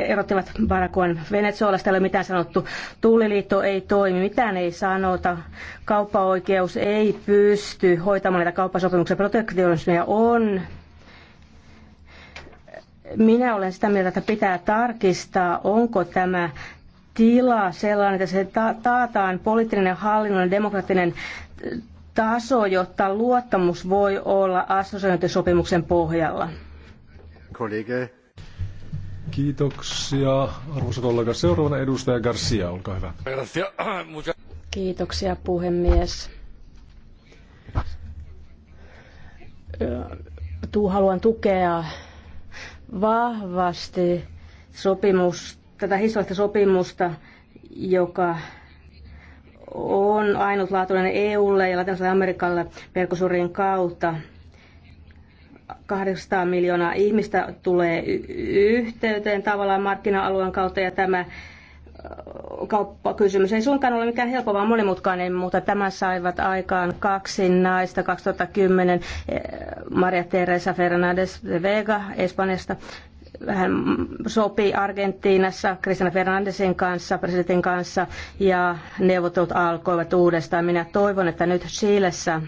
erottivat Barakuan Venezuelasta, ei ole mitään sanottu. Tuuliliitto ei toimi, mitään ei sanota. Kauppaoikeus ei pysty hoitamaan näitä kauppasopimuksia. Protektionismia on minä olen sitä mieltä, että pitää tarkistaa, onko tämä tila sellainen, että se ta- taataan poliittinen, hallinnollinen, demokraattinen eh, taso, jotta luottamus voi olla assosiointisopimuksen pohjalla. Kollege. Kiitoksia, arvoisa kollega. Seuraavana edustaja Garcia, olkaa hyvä. Kiitoksia, puhemies. Tuu haluan tukea vahvasti sopimusta tätä historiallista sopimusta, joka on ainutlaatuinen EUlle ja Latinalaiselle Amerikalle Mercosurin kautta. 800 miljoonaa ihmistä tulee yhteyteen tavallaan markkina-alueen kautta ja tämä kauppakysymys ei suinkaan ole mikään helppo, vaan monimutkainen, mutta tämä saivat aikaan kaksi naista 2010, Maria Teresa Fernandez de Vega Espanjasta hän sopii Argentiinassa Cristina Fernandesin kanssa, presidentin kanssa, ja neuvottelut alkoivat uudestaan. Minä toivon, että nyt Chiilessä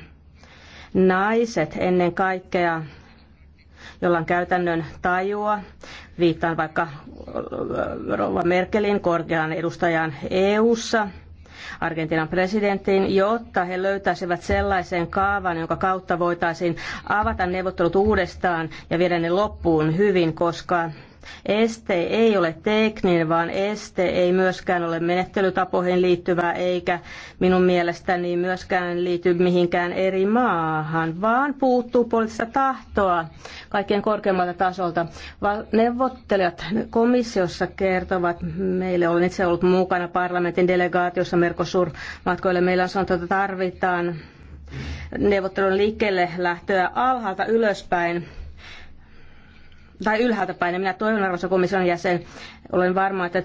naiset ennen kaikkea, jolla on käytännön tajua, viittaan vaikka Rova Merkelin korkean edustajan EU:ssa, ssa Argentiinan presidenttiin, jotta he löytäisivät sellaisen kaavan, jonka kautta voitaisiin avata neuvottelut uudestaan ja viedä ne loppuun hyvin, koska Este ei ole tekninen, vaan este ei myöskään ole menettelytapoihin liittyvää, eikä minun mielestäni myöskään liity mihinkään eri maahan, vaan puuttuu poliittista tahtoa kaikkien korkeammalta tasolta. Neuvottelijat komissiossa kertovat, meille olen itse ollut mukana parlamentin delegaatiossa Mercosur-matkoille, meillä on sanottu, että tarvitaan neuvottelun liikkeelle lähtöä alhaalta ylöspäin tai ylhäältä päin. minä toivon, arvoisa komission jäsen, olen varma, että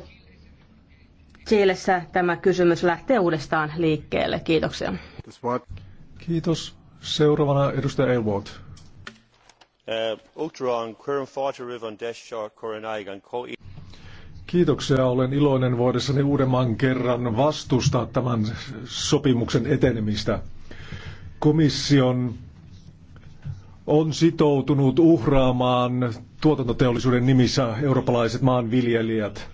Chiilessä tämä kysymys lähtee uudestaan liikkeelle. Kiitoksia. Kiitos. Seuraavana edustaja Elwood. Uh, Kiitoksia. Olen iloinen voidessani uudemman kerran vastustaa tämän sopimuksen etenemistä. Komission on sitoutunut uhraamaan tuotantoteollisuuden nimissä eurooppalaiset maanviljelijät.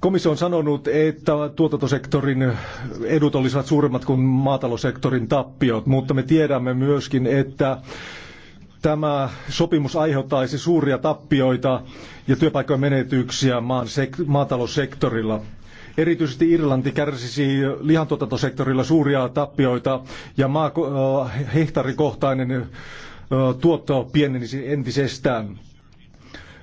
Komissio on sanonut, että tuotantosektorin edut olisivat suuremmat kuin maataloussektorin tappiot, mutta me tiedämme myöskin, että tämä sopimus aiheuttaisi suuria tappioita ja työpaikkojen menetyksiä maan maataloussektorilla. Erityisesti Irlanti kärsisi lihantuotantosektorilla suuria tappioita ja maa, äh, hehtaarikohtainen äh, tuotto pienenisi entisestään.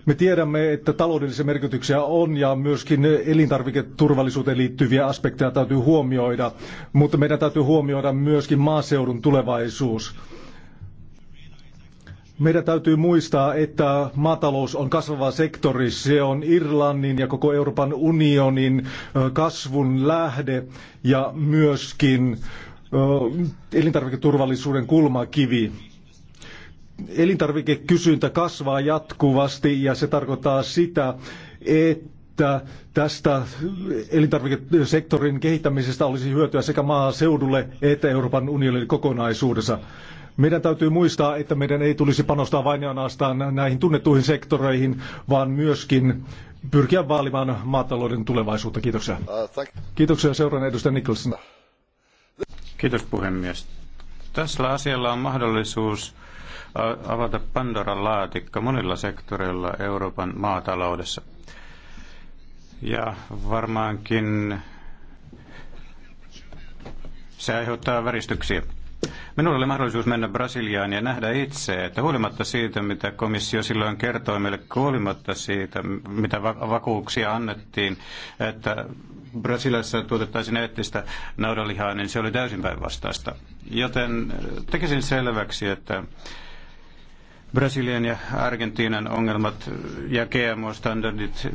Me tiedämme, että taloudellisia merkityksiä on ja myöskin elintarviketurvallisuuteen liittyviä aspekteja täytyy huomioida, mutta meidän täytyy huomioida myöskin maaseudun tulevaisuus. Meidän täytyy muistaa, että maatalous on kasvava sektori. Se on Irlannin ja koko Euroopan unionin kasvun lähde ja myöskin elintarviketurvallisuuden kulmakivi. Elintarvikekysyntä kasvaa jatkuvasti ja se tarkoittaa sitä, että tästä elintarvikesektorin kehittämisestä olisi hyötyä sekä maaseudulle että Euroopan unionille kokonaisuudessa. Meidän täytyy muistaa, että meidän ei tulisi panostaa vain ja ainoastaan näihin tunnettuihin sektoreihin, vaan myöskin pyrkiä vaalimaan maatalouden tulevaisuutta. Kiitoksia. Uh, Kiitoksia seuraan edustaja Nicholson. Kiitos puhemies. Tässä asialla on mahdollisuus uh, avata Pandoran laatikka monilla sektoreilla Euroopan maataloudessa. Ja varmaankin se aiheuttaa väristyksiä. Minulla oli mahdollisuus mennä Brasiliaan ja nähdä itse, että huolimatta siitä, mitä komissio silloin kertoi meille, huolimatta siitä, mitä vakuuksia annettiin, että Brasiliassa tuotettaisiin eettistä naudalihaa, niin se oli täysin päinvastaista. Joten eh, tekisin selväksi, että Brasilian ja Argentiinan ongelmat ja GMO-standardit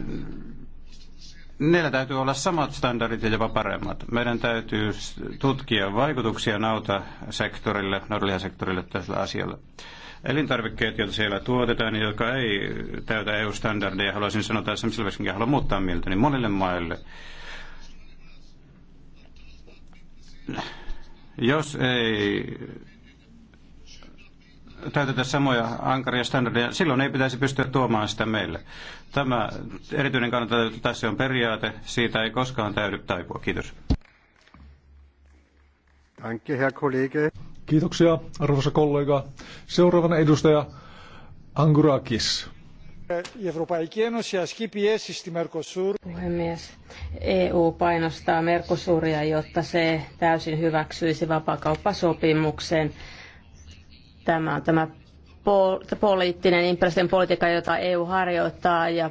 Niillä täytyy olla samat standardit ja jopa paremmat. Meidän täytyy tutkia vaikutuksia nautasektorille, naudallihasektorille tällä asialla. Elintarvikkeet, joita siellä tuotetaan ja jotka ei täytä EU-standardeja, haluaisin sanoa tässä, missä haluan muuttaa mieltä, niin monille maille jos ei täytetä samoja ankaria standardeja, silloin ei pitäisi pystyä tuomaan sitä meille. Tämä erityinen kannalta tässä on periaate, siitä ei koskaan täydy taipua. Kiitos. Danke, Herr Kollege. Kiitoksia, arvoisa kollega. Seuraavana edustaja Angurakis. Puhemies, EU painostaa Mercosuria, jotta se täysin hyväksyisi vapaakauppasopimuksen Tämä on tämä poliittinen imperialistinen politiikka, jota EU harjoittaa ja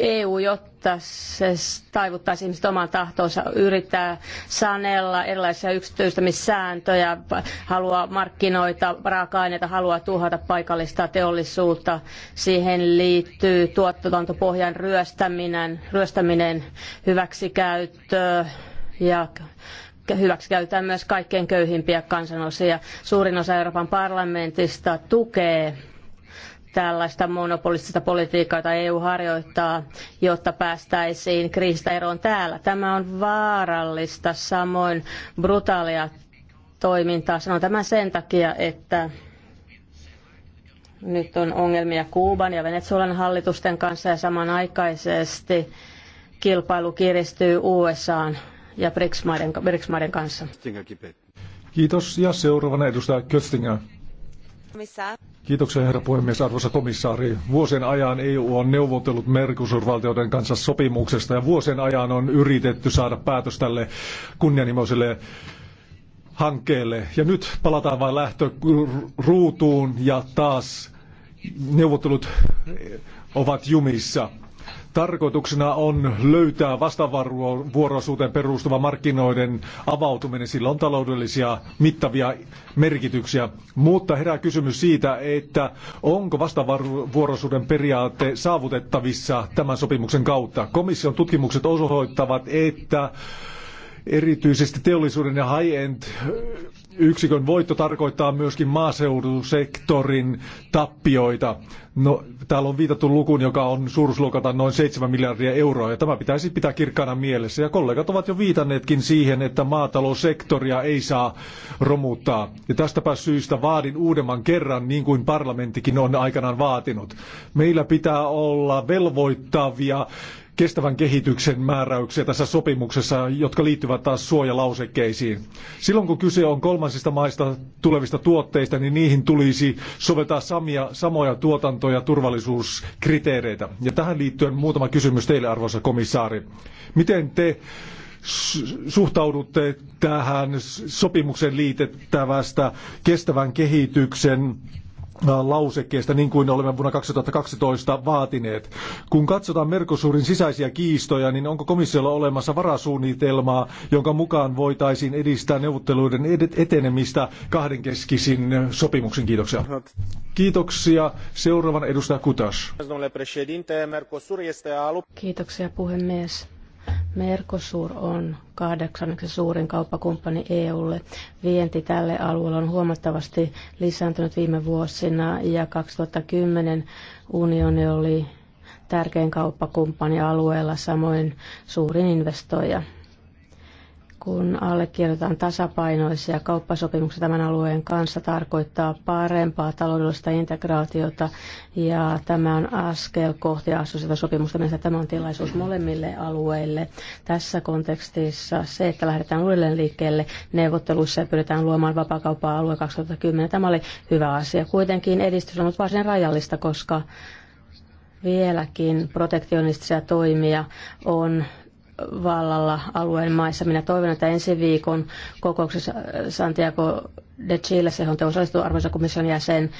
EU, jotta se taivuttaisi ihmiset omaan tahtoonsa, yrittää sanella erilaisia yksityistämissääntöjä, haluaa markkinoita, raaka-aineita, haluaa tuhota paikallista teollisuutta. Siihen liittyy tuotantopohjan ryöstäminen, ryöstäminen hyväksikäyttö ja hyväksi käytetään myös kaikkein köyhimpiä kansanosia. Suurin osa Euroopan parlamentista tukee tällaista monopolistista politiikkaa, jota EU harjoittaa, jotta päästäisiin kriisistä eroon täällä. Tämä on vaarallista, samoin brutaalia toimintaa. Sanon tämän sen takia, että nyt on ongelmia Kuuban ja Venezuelan hallitusten kanssa ja samanaikaisesti kilpailu kiristyy USAan ja BRICS-maiden, BRICS-maiden kanssa. Kiitos. Ja seuraavana edustaja Köstinger. Kiitoksia herra puhemies, arvoisa komissaari. Vuosien ajan EU on neuvotellut Mercosur-valtioiden kanssa sopimuksesta ja vuosien ajan on yritetty saada päätös tälle kunnianhimoiselle hankkeelle. Ja nyt palataan vain lähtöruutuun ja taas neuvottelut ovat jumissa. Tarkoituksena on löytää vastavuoroisuuteen perustuva markkinoiden avautuminen. Sillä on taloudellisia mittavia merkityksiä, mutta herää kysymys siitä, että onko vastavuoroisuuden periaate saavutettavissa tämän sopimuksen kautta. Komission tutkimukset osoittavat, että erityisesti teollisuuden ja high-end yksikön voitto tarkoittaa myöskin maaseudusektorin tappioita. No, täällä on viitattu lukuun, joka on suuruusluokaltaan noin 7 miljardia euroa, ja tämä pitäisi pitää kirkkaana mielessä. Ja kollegat ovat jo viitanneetkin siihen, että maataloussektoria ei saa romuttaa. Ja tästäpä syystä vaadin uudemman kerran, niin kuin parlamenttikin on aikanaan vaatinut. Meillä pitää olla velvoittavia kestävän kehityksen määräyksiä tässä sopimuksessa, jotka liittyvät taas suojalausekkeisiin. Silloin kun kyse on kolmansista maista tulevista tuotteista, niin niihin tulisi soveltaa samia, samoja tuotanto- ja turvallisuuskriteereitä. Ja tähän liittyen muutama kysymys teille, arvoisa komissaari. Miten te suhtaudutte tähän sopimuksen liitettävästä kestävän kehityksen lausekkeesta, niin kuin olemme vuonna 2012 vaatineet. Kun katsotaan Mercosurin sisäisiä kiistoja, niin onko komissiolla olemassa varasuunnitelmaa, jonka mukaan voitaisiin edistää neuvotteluiden etenemistä kahdenkeskisin sopimuksin? Kiitoksia. Kiitoksia. Seuraavan edustaja Kutas. Kiitoksia puhemies. Mercosur on kahdeksanneksi suurin kauppakumppani EUlle. Vienti tälle alueelle on huomattavasti lisääntynyt viime vuosina ja 2010 unioni oli tärkein kauppakumppani alueella, samoin suurin investoija kun allekirjoitetaan tasapainoisia kauppasopimuksia tämän alueen kanssa, tarkoittaa parempaa taloudellista integraatiota ja tämä on askel kohti asuisilta sopimusta, missä tämä on tilaisuus molemmille alueille. Tässä kontekstissa se, että lähdetään uudelleen liikkeelle neuvotteluissa ja pyritään luomaan vapakauppaa alue 2010, tämä oli hyvä asia. Kuitenkin edistys on ollut varsin rajallista, koska vieläkin protektionistisia toimia on vallalla alueen maissa. Minä toivon, että ensi viikon kokouksessa Santiago de Chile, johon te osallistuu arvoisa komission jäsen,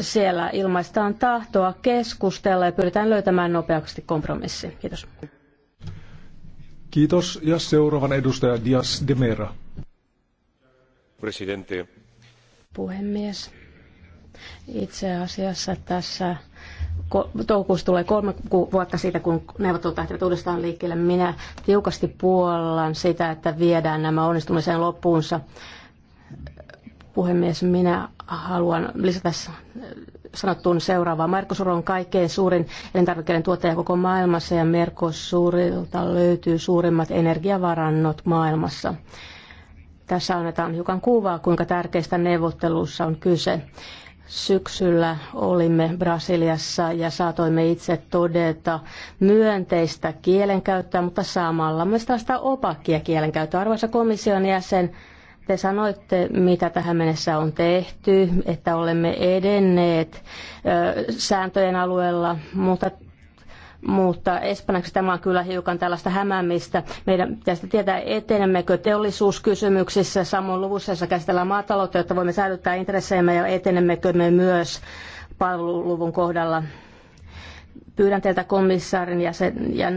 siellä ilmaistaan tahtoa keskustella ja pyritään löytämään nopeasti kompromissi. Kiitos. Kiitos. Ja seuraavan edustaja Dias de Mera. Presidente. Puhemies. Itse asiassa tässä toukokuussa tulee kolme vuotta siitä, kun neuvottelut lähtevät uudestaan liikkeelle. Minä tiukasti puollan sitä, että viedään nämä onnistumiseen loppuunsa. Puhemies, minä haluan lisätä sanottuun seuraavaa. Mercosur on kaikkein suurin elintarvikkeiden tuottaja koko maailmassa ja Mercosurilta löytyy suurimmat energiavarannot maailmassa. Tässä annetaan hiukan kuvaa, kuinka tärkeistä neuvottelussa on kyse. Syksyllä olimme Brasiliassa ja saatoimme itse todeta myönteistä kielenkäyttöä, mutta samalla myös tällaista opakkia kielenkäyttöä. Arvoisa komission jäsen, te sanoitte, mitä tähän mennessä on tehty, että olemme edenneet sääntöjen alueella, mutta mutta espanjaksi tämä on kyllä hiukan tällaista hämäämistä. Meidän pitäisi tietää, etenemmekö teollisuuskysymyksissä, samoin luvussa, jossa käsitellään maataloutta, jotta voimme säilyttää intressejämme ja etenemmekö me myös palveluluvun kohdalla pyydän teiltä komissaarin ja, sen, ja,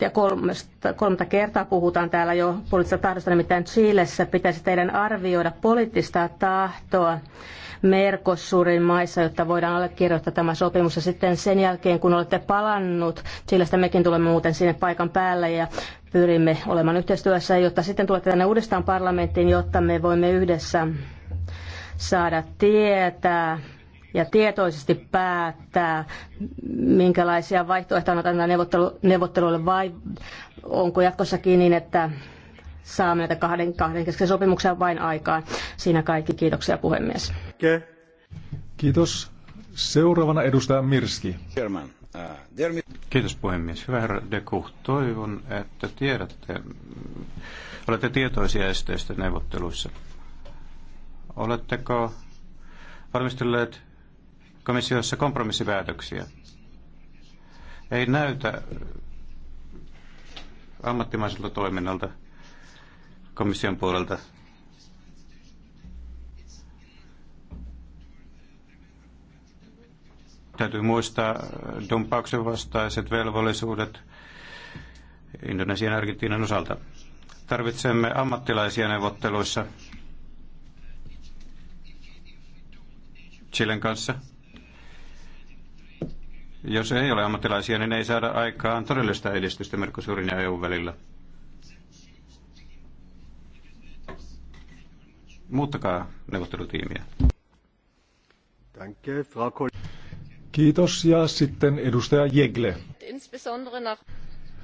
ja kolmesta, kolmatta kertaa puhutaan täällä jo poliittisesta tahdosta, nimittäin Chiilessä pitäisi teidän arvioida poliittista tahtoa Mercosurin maissa, jotta voidaan allekirjoittaa tämä sopimus. Ja sitten sen jälkeen, kun olette palannut, sillä mekin tulemme muuten sinne paikan päälle ja pyrimme olemaan yhteistyössä, jotta sitten tulette tänne uudestaan parlamenttiin, jotta me voimme yhdessä saada tietää ja tietoisesti päättää, minkälaisia vaihtoehtoja annetaan neuvottelu, neuvotteluille vai onko jatkossakin niin, että saamme näitä kahden, kahden kesken sopimuksia vain aikaan. Siinä kaikki. Kiitoksia puhemies. Kiitos. Seuraavana edustaja Mirski. Uh, Kiitos puhemies. Hyvä herra Deku, toivon, että tiedätte, olette tietoisia esteistä neuvotteluissa. Oletteko valmistelleet komissiossa kompromissipäätöksiä? Ei näytä ammattimaiselta toiminnalta komission puolelta. Täytyy muistaa dumppauksen vastaiset velvollisuudet Indonesian ja Argentiinan osalta. Tarvitsemme ammattilaisia neuvotteluissa Chilen kanssa jos ei ole ammattilaisia, niin ei saada aikaan todellista edistystä Merkosurin ja eu välillä. Muuttakaa neuvottelutiimiä. Kiitos ja sitten edustaja Jegle.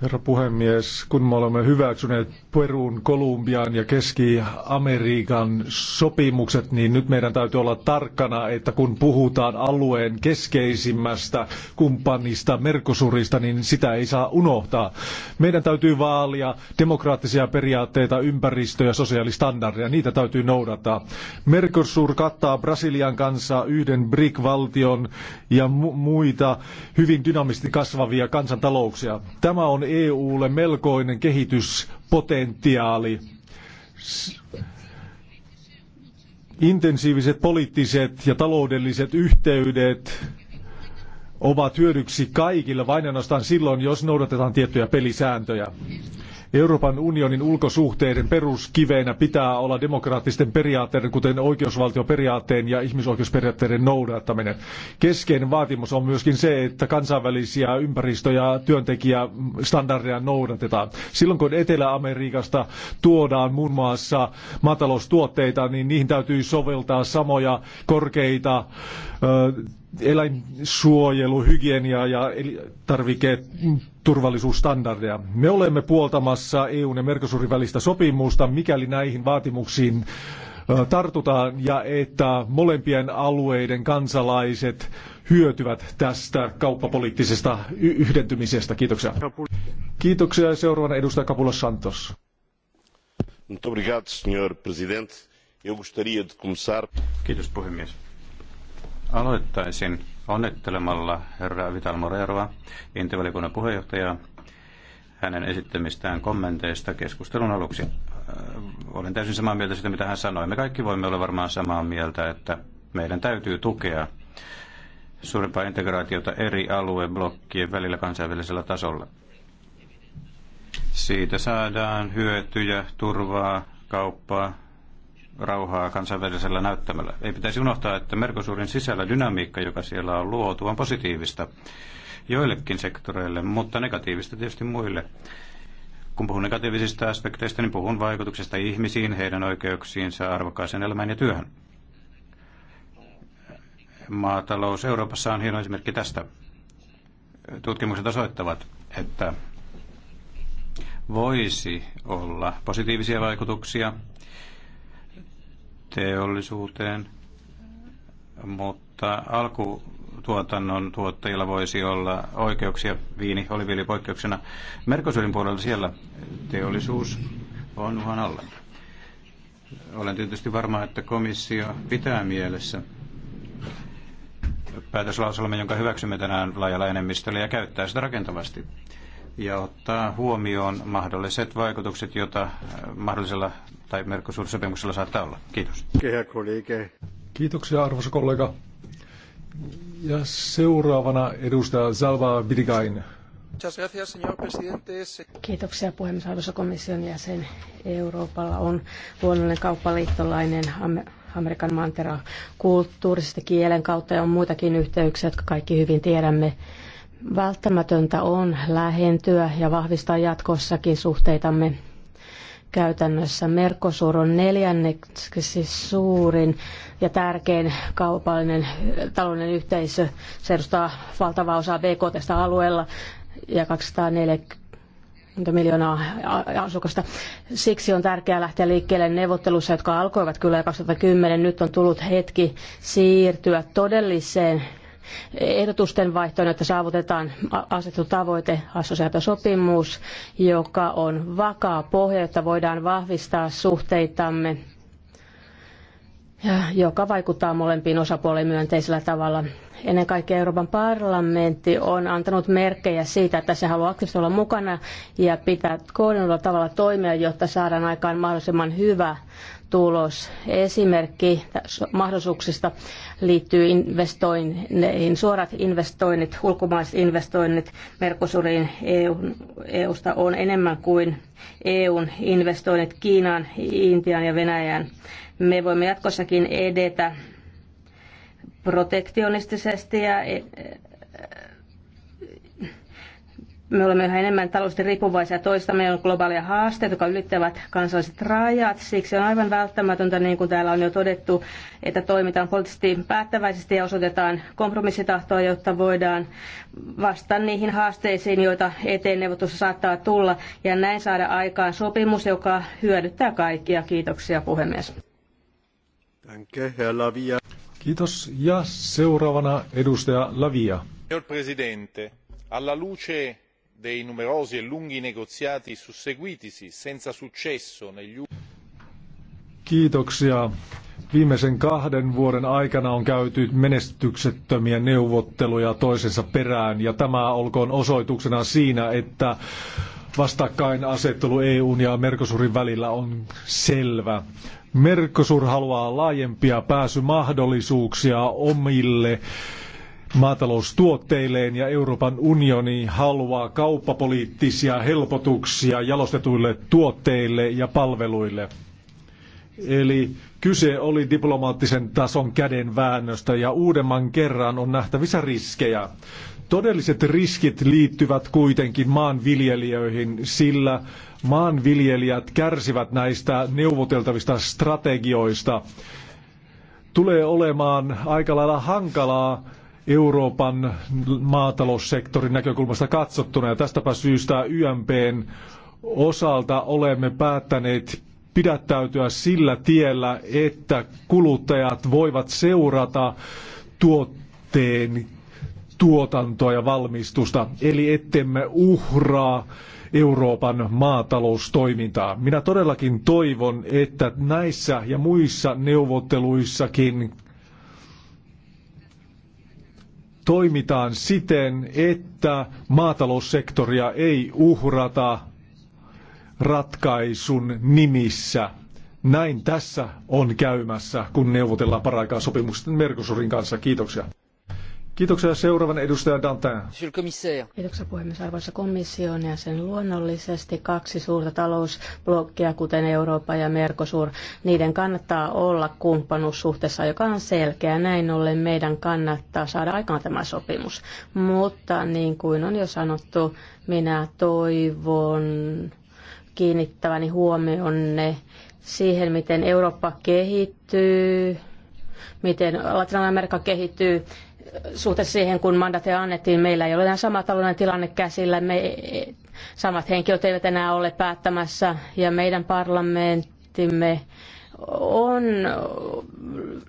Herra puhemies, kun me olemme hyväksyneet Peruun, Kolumbian ja Keski-Amerikan sopimukset, niin nyt meidän täytyy olla tarkkana, että kun puhutaan alueen keskeisimmästä kumppanista, Merkosurista, niin sitä ei saa unohtaa. Meidän täytyy vaalia demokraattisia periaatteita, ympäristöä ja sosiaalistandardeja. Niitä täytyy noudattaa. Mercosur kattaa Brasilian kanssa yhden BRIC-valtion ja mu muita hyvin dynaamisesti kasvavia kansantalouksia. Tämä on EUlle melkoinen kehityspotentiaali. Intensiiviset poliittiset ja taloudelliset yhteydet ovat hyödyksi kaikille vain ainoastaan silloin, jos noudatetaan tiettyjä pelisääntöjä. Euroopan unionin ulkosuhteiden peruskiveenä pitää olla demokraattisten periaatteiden, kuten oikeusvaltioperiaatteen ja ihmisoikeusperiaatteiden noudattaminen. Keskeinen vaatimus on myöskin se, että kansainvälisiä ympäristö- ja työntekijästandardeja noudatetaan. Silloin kun Etelä-Amerikasta tuodaan muun muassa maataloustuotteita, niin niihin täytyy soveltaa samoja korkeita ö, eläinsuojelu, hygienia ja tarvike turvallisuusstandardeja. Me olemme puoltamassa EUn ja Mercosurin välistä sopimusta, mikäli näihin vaatimuksiin tartutaan ja että molempien alueiden kansalaiset hyötyvät tästä kauppapoliittisesta yhdentymisestä. Kiitoksia. Kiitoksia. Seuraavana edustaja Kapula Santos. Kiitos puhemies. Aloittaisin onnittelemalla herra Vital Moreroa, Intivalikunnan puheenjohtajaa, hänen esittämistään kommenteista keskustelun aluksi. Äh, olen täysin samaa mieltä siitä, mitä hän sanoi. Me kaikki voimme olla varmaan samaa mieltä, että meidän täytyy tukea suurempaa integraatiota eri alueblokkien välillä kansainvälisellä tasolla. Siitä saadaan hyötyjä, turvaa, kauppaa, rauhaa kansainvälisellä näyttämällä. Ei pitäisi unohtaa, että Merkosuurin sisällä dynamiikka, joka siellä on luotu, on positiivista joillekin sektoreille, mutta negatiivista tietysti muille. Kun puhun negatiivisista aspekteista, niin puhun vaikutuksesta ihmisiin, heidän oikeuksiinsa, arvokkaaseen elämään ja työhön. Maatalous Euroopassa on hieno esimerkki tästä. Tutkimukset osoittavat, että voisi olla positiivisia vaikutuksia teollisuuteen, mutta alkutuotannon tuottajilla voisi olla oikeuksia, viini oli vielä poikkeuksena. Merkosurin puolella siellä teollisuus on uhan alla. Olen tietysti varma, että komissio pitää mielessä päätöslauselma, jonka hyväksymme tänään laajalla enemmistöllä ja käyttää sitä rakentavasti ja ottaa huomioon mahdolliset vaikutukset, joita äh, mahdollisella tai Mercosur-sopimuksella saattaa olla. Kiitos. Kiitoksia arvoisa kollega. Ja seuraavana edustaja Salva Bidigain. Kiitoksia puhemies arvoisa komission jäsen. Euroopalla on luonnollinen kauppaliittolainen Amerikan manteraa kulttuurisesti kielen kautta ja on muitakin yhteyksiä, jotka kaikki hyvin tiedämme Välttämätöntä on lähentyä ja vahvistaa jatkossakin suhteitamme käytännössä. Mercosur on neljänneksi siis suurin ja tärkein kaupallinen taloudellinen yhteisö. Se edustaa valtavaa osaa BKTstä alueella ja 240 miljoonaa asukasta. Siksi on tärkeää lähteä liikkeelle neuvottelussa, jotka alkoivat kyllä jo 2010. Nyt on tullut hetki siirtyä todelliseen ehdotusten vaihtoon, että saavutetaan asetettu tavoite, assosiaatiosopimus, joka on vakaa pohja, jotta voidaan vahvistaa suhteitamme ja joka vaikuttaa molempiin osapuoliin myönteisellä tavalla. Ennen kaikkea Euroopan parlamentti on antanut merkkejä siitä, että se haluaa aktiivisesti olla mukana ja pitää koordinoidulla tavalla toimia, jotta saadaan aikaan mahdollisimman hyvä tulos. Esimerkki mahdollisuuksista liittyy investoinneihin, suorat investoinnit, ulkomaiset investoinnit Mercosuriin EU, EUsta on enemmän kuin EUn investoinnit Kiinaan, Intiaan ja Venäjään. Me voimme jatkossakin edetä protektionistisesti ja me olemme yhä enemmän taloudellisesti riippuvaisia toista. Meillä on globaalia haasteita, jotka ylittävät kansalliset rajat. Siksi on aivan välttämätöntä, niin kuin täällä on jo todettu, että toimitaan poliittisesti päättäväisesti ja osoitetaan kompromissitahtoa, jotta voidaan vastata niihin haasteisiin, joita eteen neuvotussa saattaa tulla. Ja näin saada aikaan sopimus, joka hyödyttää kaikkia. Kiitoksia puhemies. Danke, Herr Lavia. Kiitos. Ja seuraavana edustaja Lavia. Presidente, alla luce dei numerosi e lunghi negoziati susseguitisi senza successo negli Kiitoksia. Viimeisen kahden vuoden aikana on käyty menestyksettömiä neuvotteluja toisensa perään ja tämä olkoon osoituksena siinä, että vastakkainasettelu EUn ja Mercosurin välillä on selvä. Mercosur haluaa laajempia pääsymahdollisuuksia omille maataloustuotteilleen ja Euroopan unioni haluaa kauppapoliittisia helpotuksia jalostetuille tuotteille ja palveluille. Eli kyse oli diplomaattisen tason kädenväännöstä ja uudemman kerran on nähtävissä riskejä. Todelliset riskit liittyvät kuitenkin maanviljelijöihin, sillä maanviljelijät kärsivät näistä neuvoteltavista strategioista. Tulee olemaan aika lailla hankalaa Euroopan maataloussektorin näkökulmasta katsottuna. Ja tästäpä syystä YMPn osalta olemme päättäneet pidättäytyä sillä tiellä, että kuluttajat voivat seurata tuotteen tuotantoa ja valmistusta, eli ettemme uhraa Euroopan maataloustoimintaa. Minä todellakin toivon, että näissä ja muissa neuvotteluissakin toimitaan siten, että maataloussektoria ei uhrata ratkaisun nimissä. Näin tässä on käymässä, kun neuvotellaan paraikaa sopimuksesta Mercosurin kanssa. Kiitoksia. Kiitoksia seuraavan edustaja Dantin. Kiitoksia puhemies arvoisa komission ja sen luonnollisesti kaksi suurta talousblokkia, kuten Eurooppa ja Mercosur. Niiden kannattaa olla kumppanuussuhteessa, joka on selkeä. Näin ollen meidän kannattaa saada aikaan tämä sopimus. Mutta niin kuin on jo sanottu, minä toivon kiinnittäväni huomionne siihen, miten Eurooppa kehittyy, miten Latinalainen Amerikka kehittyy suhteessa siihen, kun mandateja annettiin, meillä ei ole enää sama talouden tilanne käsillä. Me, samat henkilöt eivät enää ole päättämässä ja meidän parlamenttimme on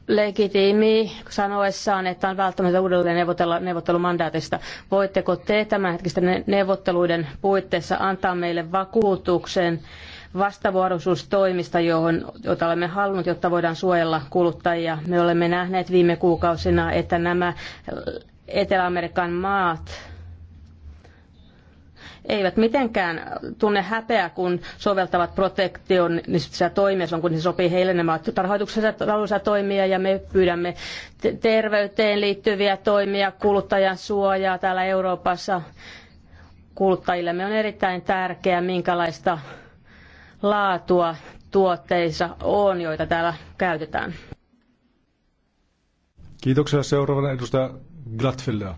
legitiimi sanoessaan, että on välttämätöntä uudelleen neuvotella neuvottelumandaatista. Voitteko te tämänhetkisten neuvotteluiden puitteissa antaa meille vakuutuksen, vastavuoroisuustoimista, johon, jota olemme halunneet, jotta voidaan suojella kuluttajia. Me olemme nähneet viime kuukausina, että nämä Etelä-Amerikan maat eivät mitenkään tunne häpeää, kun soveltavat protektionistisia toimia, se on kun se sopii heille nämä rahoituksellisia toimia ja me pyydämme terveyteen liittyviä toimia, kuluttajan suojaa täällä Euroopassa. Kuluttajille me on erittäin tärkeää, minkälaista laatua tuotteissa on, joita täällä käytetään. Kiitoksia. Seuraavana edustaja Glattfelder.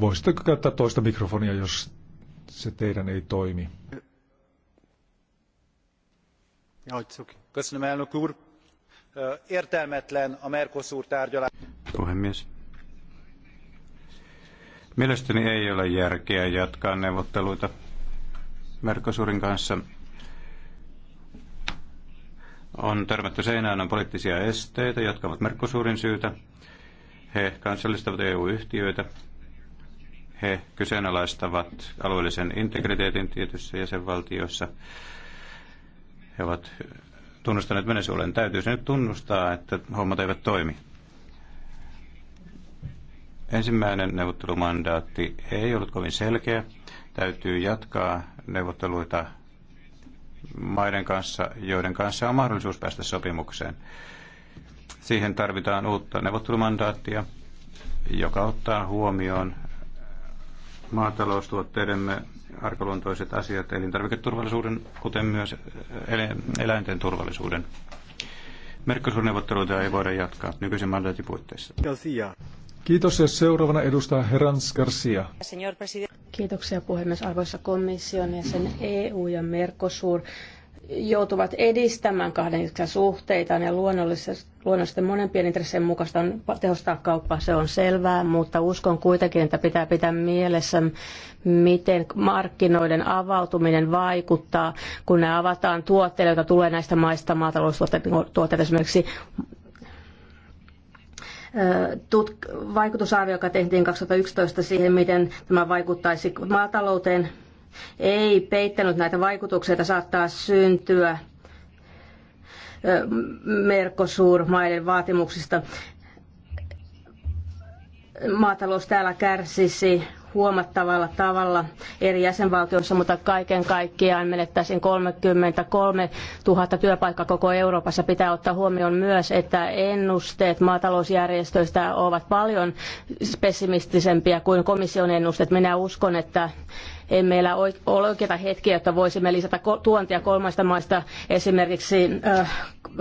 Voisitteko käyttää toista mikrofonia, jos se teidän ei toimi? Köszönöm, elnök úr. Értelmetlen a Mercosur tárgyalás. Puhemies, Mielestäni ei ole järkeä jatkaa neuvotteluita Merkosurin kanssa. On törmätty seinään on poliittisia esteitä, jotka ovat merkosurin syytä. He kansallistavat EU-yhtiöitä. He kyseenalaistavat alueellisen integriteetin tietyissä jäsenvaltioissa. He ovat tunnustaneet Venezuelan. täytyy nyt tunnustaa, että hommat eivät toimi. Ensimmäinen neuvottelumandaatti ei ollut kovin selkeä. Täytyy jatkaa neuvotteluita maiden kanssa, joiden kanssa on mahdollisuus päästä sopimukseen. Siihen tarvitaan uutta neuvottelumandaattia, joka ottaa huomioon maataloustuotteidemme arkaluontoiset asiat, elintarviketurvallisuuden, kuten myös eh, eläinten turvallisuuden. Merkkosuurneuvotteluita ei voida jatkaa nykyisen mandaatin puitteissa. Kiitos ja seuraavana edustaa Herans Garcia. Kiitoksia puhemies arvoisa komission ja sen EU ja Mercosur joutuvat edistämään kahden suhteitaan ja luonnollisesti, luonnollisesti monempien intressien mukaista on tehostaa kauppaa, se on selvää, mutta uskon kuitenkin, että pitää pitää mielessä, miten markkinoiden avautuminen vaikuttaa, kun ne avataan tuotteille, joita tulee näistä maista, maataloustuotteita esimerkiksi tutk- vaikutusarvio, joka tehtiin 2011 siihen, miten tämä vaikuttaisi maatalouteen, ei peittänyt näitä vaikutuksia, että saattaa syntyä merkosuurmaiden vaatimuksista. Maatalous täällä kärsisi huomattavalla tavalla eri jäsenvaltioissa, mutta kaiken kaikkiaan menettäisiin 33 000 työpaikkaa koko Euroopassa. Pitää ottaa huomioon myös, että ennusteet maatalousjärjestöistä ovat paljon pessimistisempiä kuin komission ennusteet. Minä uskon, että ei meillä ole oikeita hetkiä, että voisimme lisätä tuontia kolmaista maista esimerkiksi äh,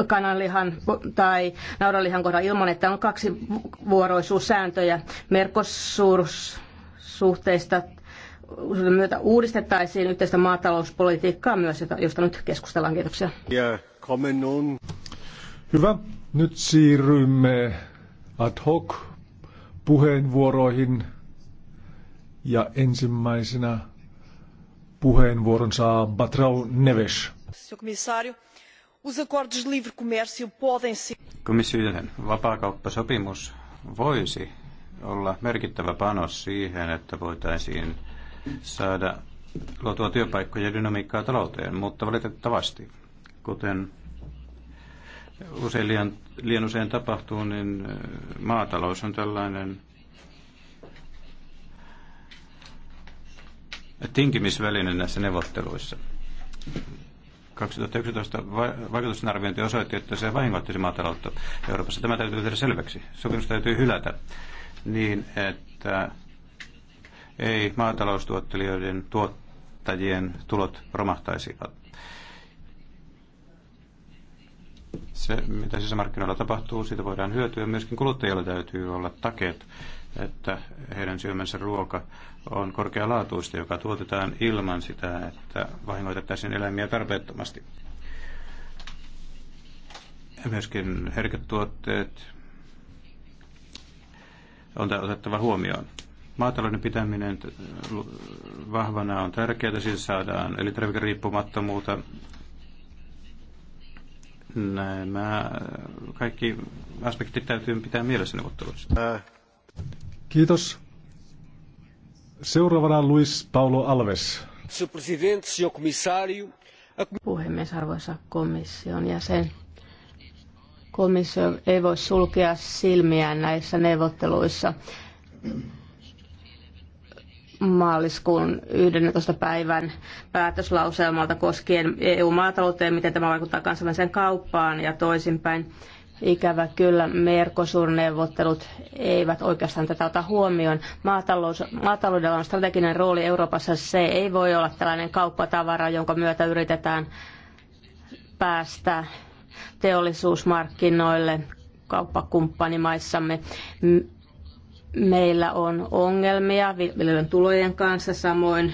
kananlihan tai naudanlihan kohdalla ilman, että on kaksi vuoroisuussääntöjä. Merkosuus suhteista myötä uudistettaisiin yhteistä maatalouspolitiikkaa myös, josta nyt keskustellaan. Kiitoksia. Hyvä. Nyt siirrymme ad hoc puheenvuoroihin. Ja ensimmäisenä puheenvuoron saa Batrau Neves. Komission vapaakauppasopimus voisi olla merkittävä panos siihen, että voitaisiin saada luotua työpaikkoja ja dynamiikkaa talouteen, mutta valitettavasti, kuten usein liian, liian usein tapahtuu, niin äh, maatalous on tällainen tinkimisväline näissä neuvotteluissa. 2011 vaikutusten arviointi osoitti, että se vahingoittaisi maataloutta Euroopassa. Tämä täytyy tehdä selväksi. Sopimus täytyy hylätä niin, että ei maataloustuottelijoiden tuottajien tulot romahtaisivat. Se, mitä sisämarkkinoilla tapahtuu, siitä voidaan hyötyä. Myöskin kuluttajilla täytyy olla takeet, että heidän syömänsä ruoka on korkealaatuista, joka tuotetaan ilman sitä, että vahingoitettaisiin eläimiä tarpeettomasti. Myöskin herkät tuotteet, on otettava huomioon. Maatalouden pitäminen vahvana on tärkeää, siis saadaan elintarvikeriippumattomuutta. Nämä kaikki aspektit täytyy pitää mielessä neuvotteluissa. Kiitos. Seuraavana Luis Paulo Alves. Puhemies, arvoisa komission jäsen Komissio ei voi sulkea silmiään näissä neuvotteluissa maaliskuun 11. päivän päätöslauselmalta koskien EU-maatalouteen, miten tämä vaikuttaa kansainväliseen kauppaan ja toisinpäin. Ikävä kyllä, Mercosur-neuvottelut eivät oikeastaan tätä ota huomioon. Maatalous, maataloudella on strateginen rooli Euroopassa. Se ei voi olla tällainen kauppatavara, jonka myötä yritetään päästä teollisuusmarkkinoille kauppakumppanimaissamme. Meillä on ongelmia viljelyn tulojen kanssa, samoin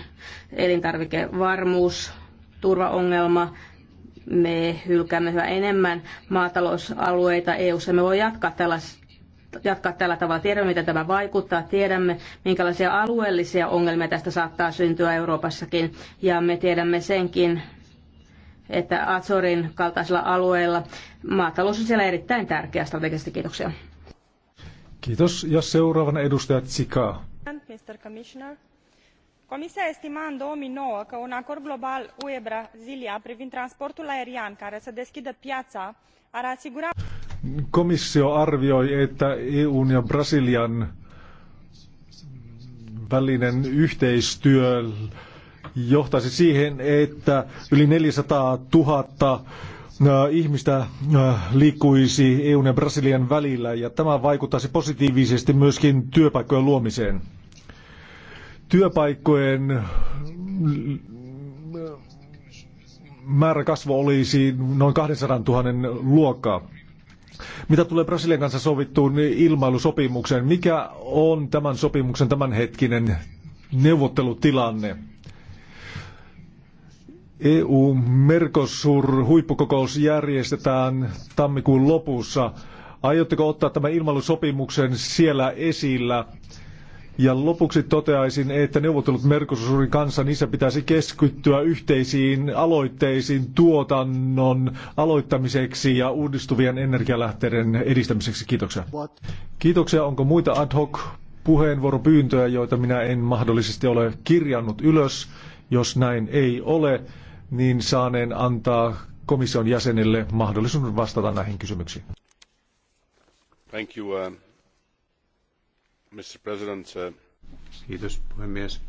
elintarvikevarmuus, turvaongelma, me hylkäämme yhä enemmän maatalousalueita EU-ssa. Me voi jatkaa tällaista jatkaa tällä tavalla. Tiedämme, mitä tämä vaikuttaa. Tiedämme, minkälaisia alueellisia ongelmia tästä saattaa syntyä Euroopassakin. Ja me tiedämme senkin, että Azorin kaltaisilla alueilla maatalous on siellä erittäin tärkeä strategisesti. Kiitoksia. Kiitos. Ja seuraavana edustaja Tsika. Mr. Commissioner. Comisia estima în 2009 că un acord global UE-Brazilia privind transportul aerian care să deschidă piața ar asigura... Komissio arvioi, että EUn ja Brasilian välinen yhteistyö johtaisi siihen, että yli 400 000 ihmistä liikkuisi EUn ja Brasilian välillä ja tämä vaikuttaisi positiivisesti myöskin työpaikkojen luomiseen. Työpaikkojen määrä kasvu olisi noin 200 000 luokkaa. Mitä tulee Brasilian kanssa sovittuun ilmailusopimukseen, mikä on tämän sopimuksen tämänhetkinen neuvottelutilanne? EU-Mercosur-huippukokous järjestetään tammikuun lopussa. Aiotteko ottaa tämän ilmailusopimuksen siellä esillä? Ja lopuksi toteaisin, että neuvottelut Mercosurin kanssa, niissä pitäisi keskittyä yhteisiin aloitteisiin tuotannon aloittamiseksi ja uudistuvien energialähteiden edistämiseksi. Kiitoksia. Kiitoksia. Onko muita ad hoc puheenvuoropyyntöjä, joita minä en mahdollisesti ole kirjannut ylös? Jos näin ei ole, niin saaneen antaa komission jäsenille mahdollisuuden vastata näihin kysymyksiin. Thank you, uh, Mr. President. Uh... Kiitos puhemies.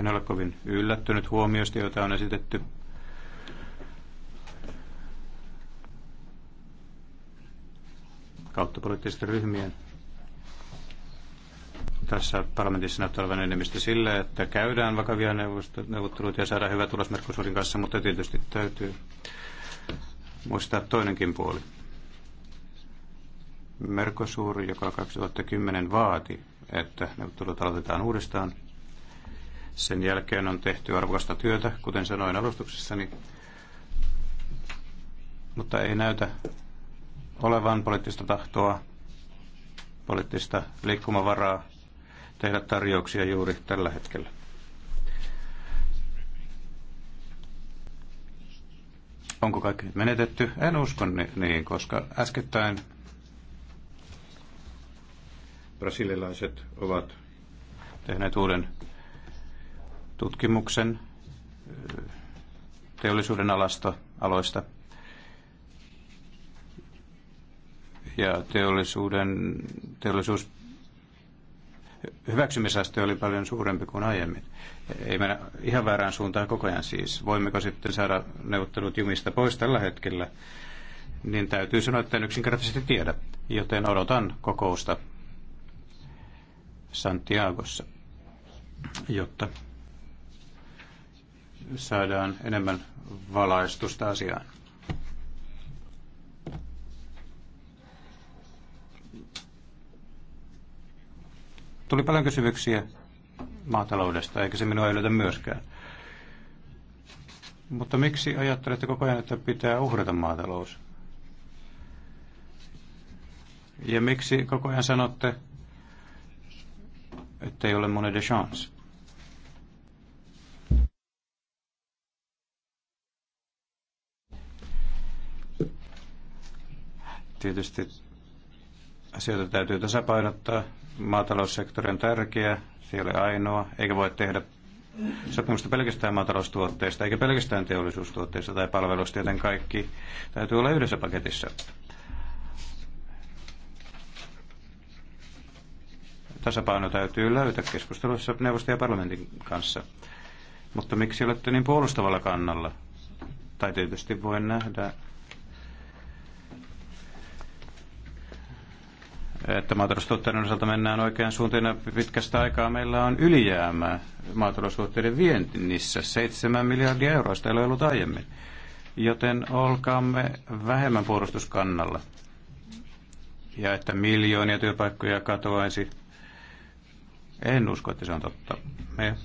En ole kovin yllättynyt huomioista, joita on esitetty. kautta poliittisten ryhmien tässä parlamentissa näyttää olevan enemmistö sille, että käydään vakavia neuvotteluita ja saadaan hyvä tulos Mercosurin kanssa, mutta tietysti täytyy muistaa toinenkin puoli. Mercosur, joka 2010 vaati, että neuvottelut aloitetaan uudestaan. Sen jälkeen on tehty arvokasta työtä, kuten sanoin alustuksessani, mutta ei näytä olevan poliittista tahtoa, poliittista liikkumavaraa tehdä tarjouksia juuri tällä hetkellä. Onko kaikki menetetty? En usko niin, koska äskettäin brasililaiset ovat tehneet uuden tutkimuksen eh, teollisuuden alasta, aloista. Ja teollisuuden, teollisuus hyväksymisaste oli paljon suurempi kuin aiemmin. Ei mennä ihan väärään suuntaan koko ajan siis. Voimmeko sitten saada neuvottelut jumista pois tällä hetkellä? Niin täytyy sanoa, että en yksinkertaisesti tiedä, joten odotan kokousta Santiagossa, jotta saadaan enemmän valaistusta asiaan. Tuli paljon kysymyksiä maataloudesta, eikä se minua yllätä myöskään. Mutta miksi ajattelette koko ajan, että pitää uhrata maatalous? Ja miksi koko ajan sanotte, että ei ole money de chance? Tietysti asioita täytyy tasapainottaa. Maataloussektori on tärkeä, se ei ole ainoa, eikä voi tehdä sopimusta pelkästään maataloustuotteista, eikä pelkästään teollisuustuotteista tai palveluista, joten kaikki täytyy olla yhdessä paketissa. Tasapaino täytyy löytää keskustelussa neuvoston ja parlamentin kanssa. Mutta miksi olette niin puolustavalla kannalla? Tai tietysti voi nähdä että maataloustuotteiden osalta mennään oikeaan suuntaan pitkästä aikaa meillä on ylijäämää maataloustuotteiden vientissä 7 miljardia euroa, sitä ei ole ollut aiemmin. Joten olkaamme vähemmän puolustuskannalla. Ja että miljoonia työpaikkoja katoaisi, en usko, että se on totta. Me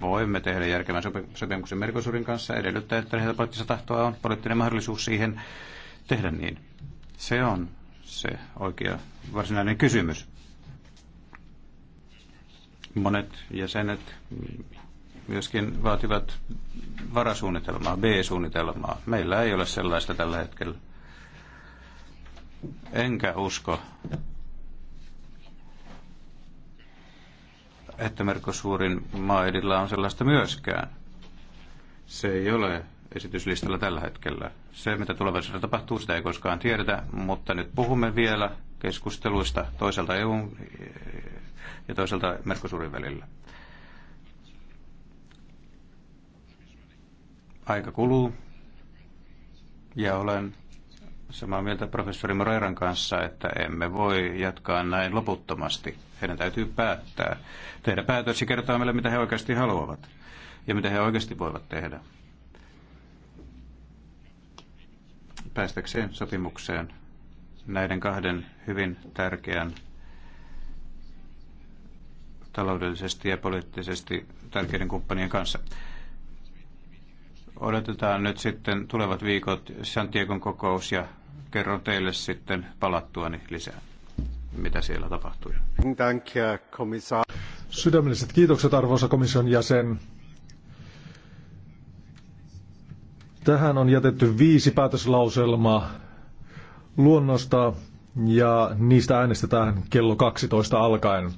voimme tehdä järkevän sopimuksen Merkosurin kanssa edellyttää, että heillä poliittista tahtoa on poliittinen mahdollisuus siihen tehdä niin. Se on se oikea varsinainen kysymys. Monet jäsenet myöskin vaativat varasuunnitelmaa, B-suunnitelmaa. Meillä ei ole sellaista tällä hetkellä. Enkä usko, että Merkosuurin maaedillä on sellaista myöskään. Se ei ole esityslistalla tällä hetkellä. Se, mitä tulevaisuudessa tapahtuu, sitä ei koskaan tiedetä, mutta nyt puhumme vielä keskusteluista toiselta EU ja toiselta Merkosurin välillä. Aika kuluu ja olen samaa mieltä professori Moreiran kanssa, että emme voi jatkaa näin loputtomasti. Heidän täytyy päättää, tehdä päätös ja kertoa meille, mitä he oikeasti haluavat ja mitä he oikeasti voivat tehdä. päästäkseen sopimukseen näiden kahden hyvin tärkeän taloudellisesti ja poliittisesti tärkeiden kumppanien kanssa. Odotetaan nyt sitten tulevat viikot Santiagon kokous ja kerron teille sitten palattuani lisää, mitä siellä tapahtui. Sydämelliset kiitokset arvoisa komission jäsen. Tähän on jätetty viisi päätöslauselmaa luonnosta ja niistä äänestetään kello 12 alkaen.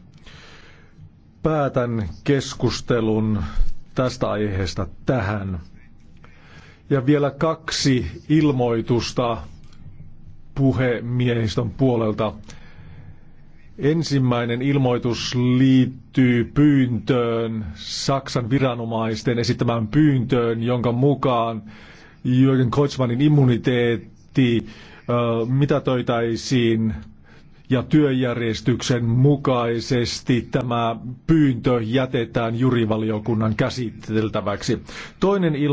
Päätän keskustelun tästä aiheesta tähän. Ja vielä kaksi ilmoitusta puhemiehistön puolelta. Ensimmäinen ilmoitus liittyy pyyntöön, Saksan viranomaisten esittämään pyyntöön, jonka mukaan Jürgen Kotsmanin immuniteetti toitaisiin ja työjärjestyksen mukaisesti tämä pyyntö jätetään jurivaliokunnan käsiteltäväksi. Toinen ilmoitus.